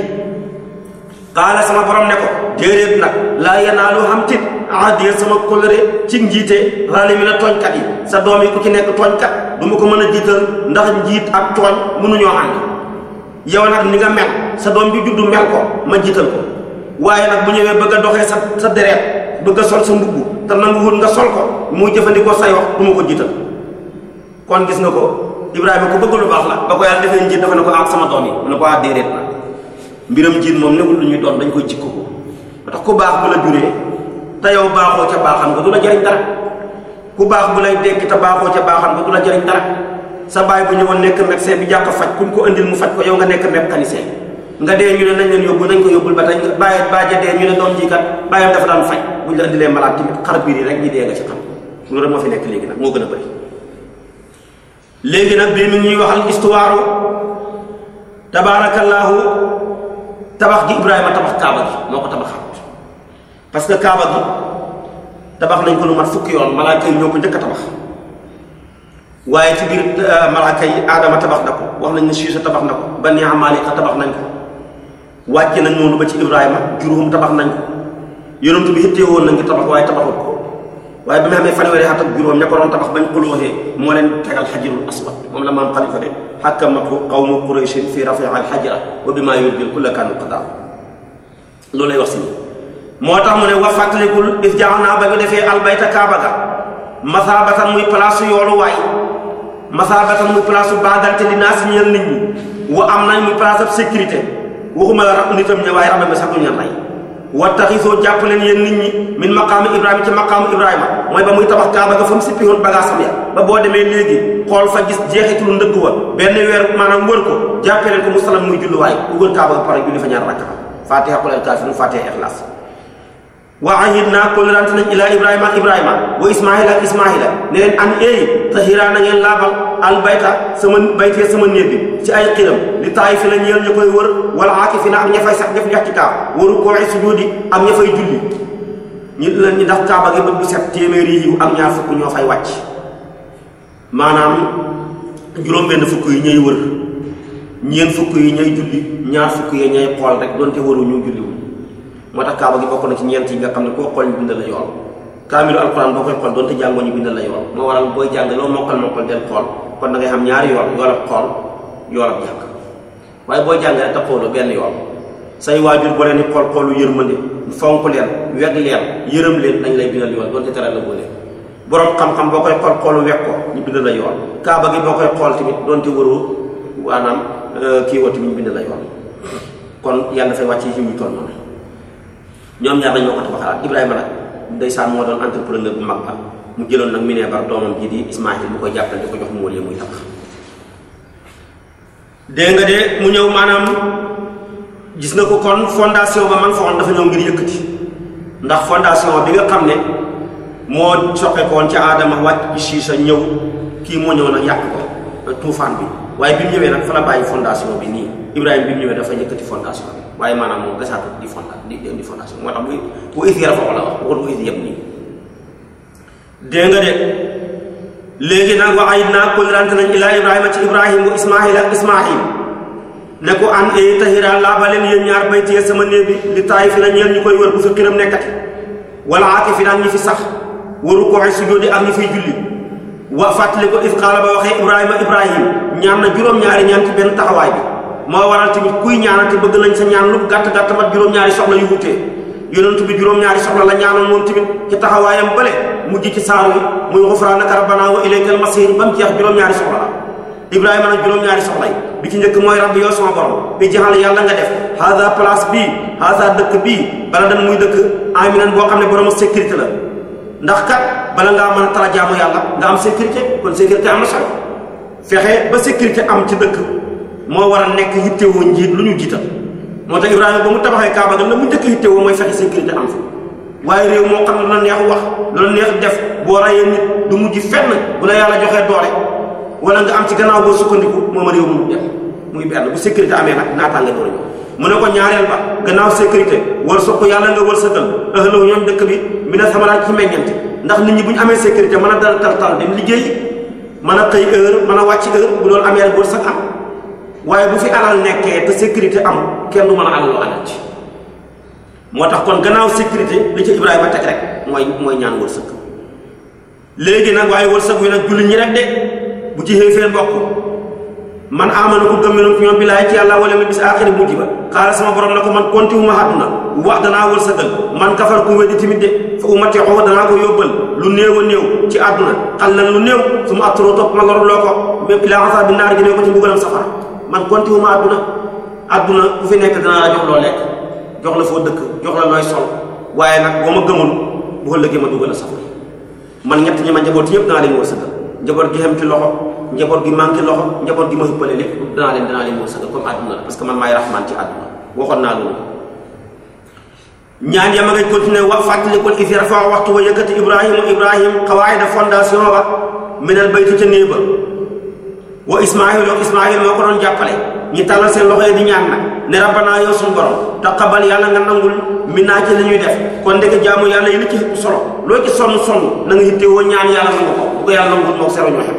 xaala sama borom ne ko déedéet nag laa yanaalu xam tit ahdéer sama kóllëre ci njiite raali mi la tooñkat yi sa doom yi ku ci nekk tooñkat du ma ko mën a jiital ndax njiit ak tooñ mënuñoo ànd yow nag ni nga mel sa doom bi juddu mel ko ma jiital ko waaye nag bu ñëwee bëgg a doxee sa sa dereet bëgg a sa mbubb te nanguwul nga sol ko muy jëfandikoo say wax du ma ko jiital kon gis nga ko Ibrahima ku bëgg lu baax la ba ko yàlla defee njiit dafa ne ko ak ah, sama doom yi mu ne ko ah déedéet na mbiram njiit moom nekkul lu ñuy doon dañ koy jikko ko tax ku baax bu la juree te yow baaxoo ca baaxam nga du la jariñ dara ku baax bu lay dekki te baaxoo ca baaxam ko du la jariñ dara sa baay bu ñëwoon nekk médecin bi jàkk faj kuñ ko indil mu faj ko yow nga nekk mécanicien nga dee ñu ne nañ leen yóbbu nañ ko yóbbul ba tey nga bàyyi bàyyi dee ñu ne doom ji kat bàyyam dafa la indilee malaat tamit xar yi rek ñi dee nga ci xam loolu rek moo fi nekk léegi nag moo gën a bëri léegi nag bii mi ngi ñuy waxal histoire tabaarakallaahu tabax gi Ibrahima tabax Kaaba gi moo ko tabaxaat parce que Kaaba gi tabax nañ ko lu mat fukki yoon malaaka yi ko njëkk tabax waaye ci biir euh, malaaka yi Aadama tabax na ko wax nañ ne Siisa tabax na ko Bani Amaalika tabax nañ ko wàcce nañ noonu ba ci Ibrahima juróom tabax nañ ko yonent bi ittee woon na ngi tabax waaye tabaxut ko waaye bi ma xamee fanweeri at ak juróom ña ko doon tabax bañ xulooxee moo leen tegal xajirul aswad moom la maam xalifa de xakkamatu qawmu qurayshin fi rafia alxajira wa bi maa yurdil kulla kaanu qadaa loolu lay wax moo tax mu ne wa fàttalikul if jaax naa ba ñu defee albayta kaaba ga bata muy place yoolu waay masaabatan muy place baadante li naa si ñeel nit ñi wa am nañ muy place ab sécurité waxuma la rab nitam ña waaye rabam bi sax duñu leen rey wattaxisoo jàpp leen yéen nit ñi min maqaamu ibrahima ci maqaamu ibrahima mooy ba muy tabax kaaba ga fa mu sippi woon bagaasam ya ba boo demee léegi xool fa gis jeexitulu ndëgg wa benn weer maanaam wër ko jàppee leen ko mu salam muy julluwaay wër kaaba ba pare julli fa ñaar rakka fatiha qul kaafiruun fatiha ixlaas wa ahidnaa kóllërante nañ ilaa ibrahima ak ibrahima wa ismaila ak ismaila ne leen an eey tahiraa na ngeen ba albayta sama baytee sama néeg bi ci ay xiram li taay fi la ñeel ñu koy na am ña fay sax def ñax ci kaa waru kooci sujuudi am ña fay julli ñu ñi ndax kaaba gi bët bu set téeméeri yiw am ñaar fukk ñoo fay wàcc maanaam juróom-benn fukk yi ñuy wër ñeent fukk yi ñay julli ñaar fukk yi ñay xool rek doonte waru ñu julliwu moo tax kaaba gi bokk na ci ñeent yi nga xam ne koo xool ñu bindal la yool boo koy xool doonte jàngoo ñu kon da ngay xam ñaari yool yool ak xool yool ak jàng waaye booy jàng benn yool say waajur boo leen di xool xoolu yërmande fonk leen weg leen yërëm leen dañ lay bindal yool doonte tere la boo borom xam boo koy xool xoolu weg ko ñu bindal la yool kaaba gi boo koy xool tamit doonte wëroo waanaam euh, kii woo tamit ñu bindal la yool kon yàlla dafay wàcc yi ci muy toll noonu ñoom ñaar dañoo ko tabaxalaat Ibrahima nag ndeysaan moo doon entrepreneur bu mag ba mu jëloon nag Mineebar doomam ji di Ismaahil mu koy jàppale di ko jox mu wóor muy tabax. dégg nga de mu ñëw maanaam gis na ko kon fondation ba man foon dafa ñëw ngir yëkkati ndax fondation bi nga xam ne moo soqeekoon ca aadama wàcc ci sa ñëw kii moo ñëw nag yàq ko tuufaan bi waaye bi mu ñëwee nag fa la bàyyi fondation bi nii Ibrahima bi mu ñëwee dafa yëkkati fondation waaye maanaam moom gasaatu di fonda di di fondation moo tax bu bu is la wax waxul bu is yëpp nii dégg nga de léegi nag wa ahid naa kóllërante nañ ilaa ibrahima ci ibrahim wa ismail ak ismail ne ko an ay tahira laa ba leen yéen ñaar baytiye sama néeg bi li taayi fi na ñeen ñu koy wër bu fi xiram nekkati wala aati fi naan ñi fi sax waru kooxe sujóodi ak ñi fiy julli wa fàttali ko if qaala ba waxee ibrahima ibrahim ñaan na juróom-ñaari ñaan ci benn taxawaay bi moo waral tamit kuy ñaanal bëgg nañ sa ñaan lu gàtt gàtt mat juróom-ñaari soxla yu wutee yonent bi juróom-ñaari soxla la ñaanoon moom tamit ci taxawaayam bële mujj ci saar wi muy xufraanaka rabbanaa wa ilaykal masiir ba mu jeex juróom-ñaari soxla la ibrahima nag juróom-ñaari soxla yi bi ci njëkk mooy rabbi yow sama borom bi jaxal yàlla nga def haza place bii haza dëkk bii bala dem muy dëkk aminan boo xam ne borom sécurité la ndax kat bala ngaa mën a tala jaamu yàlla nga am sécurité kon sécurité am na solo ba sécurité am ci dëkk moo war a nekk yittewoo njiit lu ñu jiital moo tax Ibrahima ba mu tabaxee Kaaba ga la mu njëkk yittewoo mooy fexe sécurité am fa waaye réew moo xam ne la neex wax la neex def boo rayee nit du mujj fenn bu la yàlla joxee doole wala nga am ci gannaaw boo sukkandiku moom a réew mu def muy bu sécurité amee nag naataange mu ne ko ñaareel ba gannaaw sécurité war sa yàlla nga war sa dal dëkk bi mi ne samaraat ci meññante ndax nit ñi bu ñu amee sécurité mën a dal tal tal dem liggéey man a xëy heure mën a wàcc heure bu loolu amee rek war sax am waaye bu fi alal nekkee te sécurité am kenn du mën a alaloo alal ci moo tax kon gannaaw sécurité lu ci Ibrahima teg rek mooy mooy ñaan wërsëg léegi nag waaye wërsëg wi nag jullit ñi rek de bu ci xéefee mbokk man amana ku gëmmenam ñoom bi laay ci yàlla wala ma bis aaxiri mujj ba xaala sama borom na ko man konti wuma àdduna wax danaa wërsëgal man kafar ku weddi tamit de fa umate xoo ko yóbbal lu néew a néew ci àdduna xal lan lu néew su ma atturoo topp ma lor man konti wu àdduna àdduna ku fi nekk danaa la jox loo lekk jox la foo dëkk jox la looy sol waaye nag goo ma gëmul bu ëllëgee ma dugal a safara man ñett ñi ma njaboot yëpp danaa leen wërsëgal njaboot gi xem ci loxo njaboot gi manqué loxo njaboot gi ma ëppale lépp danaa leen danaa leen comme àdduna la parce que man maay raxmaan ci àdduna waxoon naa loolu ñaan yama ngay continué wa fàttali kon isi rafa waxtu wa yëkkati ibrahima ibrahim xawaayida wa ismail o ismail moo ko doon jàppale ñi tàllal seen loxo yi di ñaan nag ne rabbana yow suñu borom taqabal yàlla nga nangul min naa ci la ñuy def kon ndeke jaamu yàlla yi li ci ëpp solo loo ci sonn sonn na nga yitte woo ñaan yàlla nangu ko bu ko yàlla nangul moo ko seroñ waxe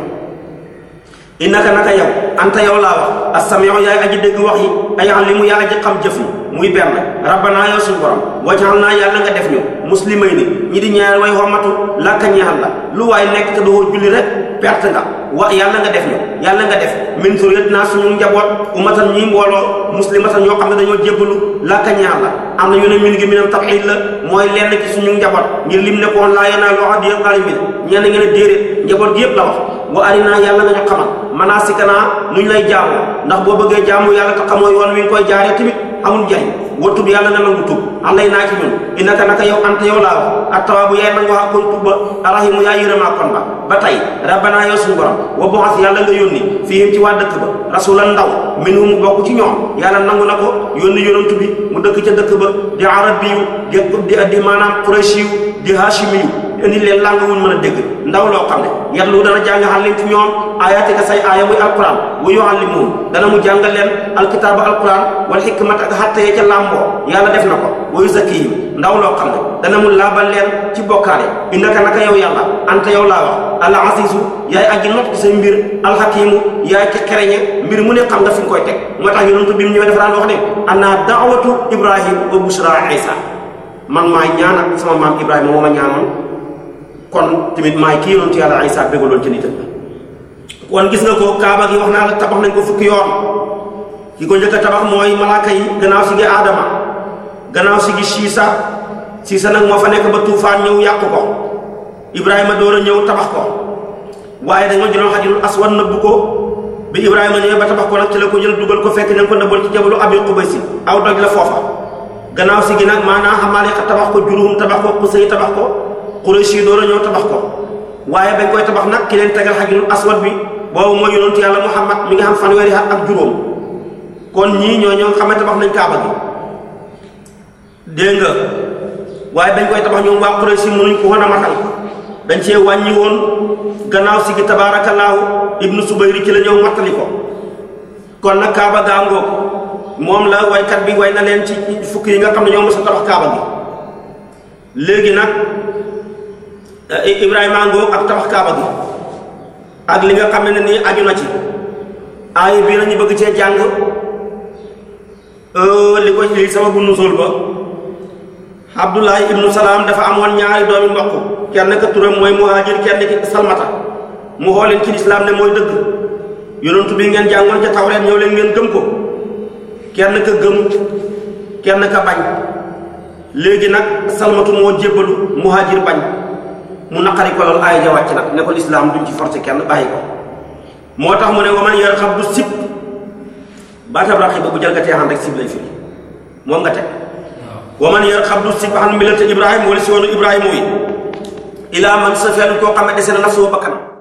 innaka naka yow anta yow laa wax as-sami'u yaay aji dégg wax yi ay alimu yaa aji xam jëf yi muy benn rabbana yow suñu borom wajal naa yàlla nga def ñu muslimay ni ñi di ñaar way xomatu lakka ñeexal la lu waay nekk te doo julli rek perte nga wa yàlla nga def ñu yàlla nga def min zuriyat naa suñu njaboot ummatan ñuy mbooloo muslimatan ñoo xam ne dañoo jébbalu lakka ñeexal la am na ñu ne min gi minam tawxiid la mooy lenn ci suñu njaboot ngir lim ne laa yanaa loo xam di zalimin ñenn ngeen a déedéet njaboot gi yëpp la wax wa arinaa boo bëggee jaamu yàlla te xamoo yoon wi amul njariñ wa tub yàlla na nangu tub alay naa ci ñun innaka naka yow yow laa wax yaay nangu wax koy tubba arahimu yaa yërëmaakoon la ba tey rabbanaa yow suñu borom wa boxas yàlla nga yónni fihim ci waa dëkk ba rasulan ndaw min mu bokk ci ñoom yàlla nangu na ko yónni yonantu mu dëkk ca dëkk ba di arabiyu di di maanaam di hashimi indi leen làng wuñ mën a dégg ndaw loo xam ne yatlu dana jàng xàllim ci ñoom ayatika say aaya muy alquran wa yuallimuhum dana mu jàngal leen alkitaaba alquran wal hikmata ak xatta ya loo xam ne mu laabal leen ci bokkaale innaka naka yow yàlla anta yow laa wax al azizu yaay aji not ci mbir alxakimu yaay ki xereñe mbir mu ne xam nga fi nga koy teg moo tax yonentu bi mu ñëwee dafa daan ne ana daawatu ibrahim wa bushra isa man maa ñaan ak sama maam ibrahima moo ma ñaanoon kon tamit maay kii yonent yàlla Isaa bégaloon ci nitam kon gis nga ko kaaba gi wax naa la tabax a tabax mooy malaaka yi gannaaw si gi aadama gannaaw si gi siisa siisa moo fa ba tuufaan ñëw yàq ko ibrahima door a ñëw tabax ko waaye dañoo jëloon xajul aswan nëbbu ko bi ibrahima ñëwee ba tabax ko jël dugal ko fekk nañ ko nëbboon ci jabalu abi xubasi aw ko tabax ko Quraysh yi door tabax ko waaye bañ koy tabax nag ki leen tegal Hajarul Aswad bi boobu mooy yonentu yàlla Muhammad mi nga xam fanweeri at ak juróom kon ñi ñoo ñoo xam ne tabax nañ Kaaba gi dégg nga waaye bañ koy tabax ñoom waa Quraysh yi mënuñ ko woon a matal dañ cee wàññi woon gannaaw si gi tabaarakallaahu ibnu Subayri ci la ñëw ko kon nag Kaaba gaa ngoog moom la waykat bi way na leen ci fukk yi nga xam ne ñoo mos a tabax Kaaba gi léegi nag Eh, Ibrahima ngoog ak tabax kaaba ak li nga xam ne nii aju na ci aaya bii la bëgg ci jàng eh, li ko li sababu nusul ba Abdullahi ibnu Salaam dafa amoon ñaari doomi mbokk kenn ka turam mooy muhaajir kenn ki salmata mu xoo leen ci lislaam ne mooy dëgg yonent bi ngeen jàngoon ca tawreet ñëw leen ngeen gëm ko kenn ka gëm kenn ka bañ léegi nag salmatu moo jébbalu muhaajir bañ mu naqari ko lool aaya ja wàcc nag ne ko lislaam duñ kenn bàyyi ko moo tax mu ne waman yar xam du sib baatab raxiba bu jalgatee xan rek sib lay firi moom nga teg waman yar xam du sib xan milata ibrahima wala si woonu ibrahima yi ilaa man sa fenn koo xam ne dese na naf soo bakkanam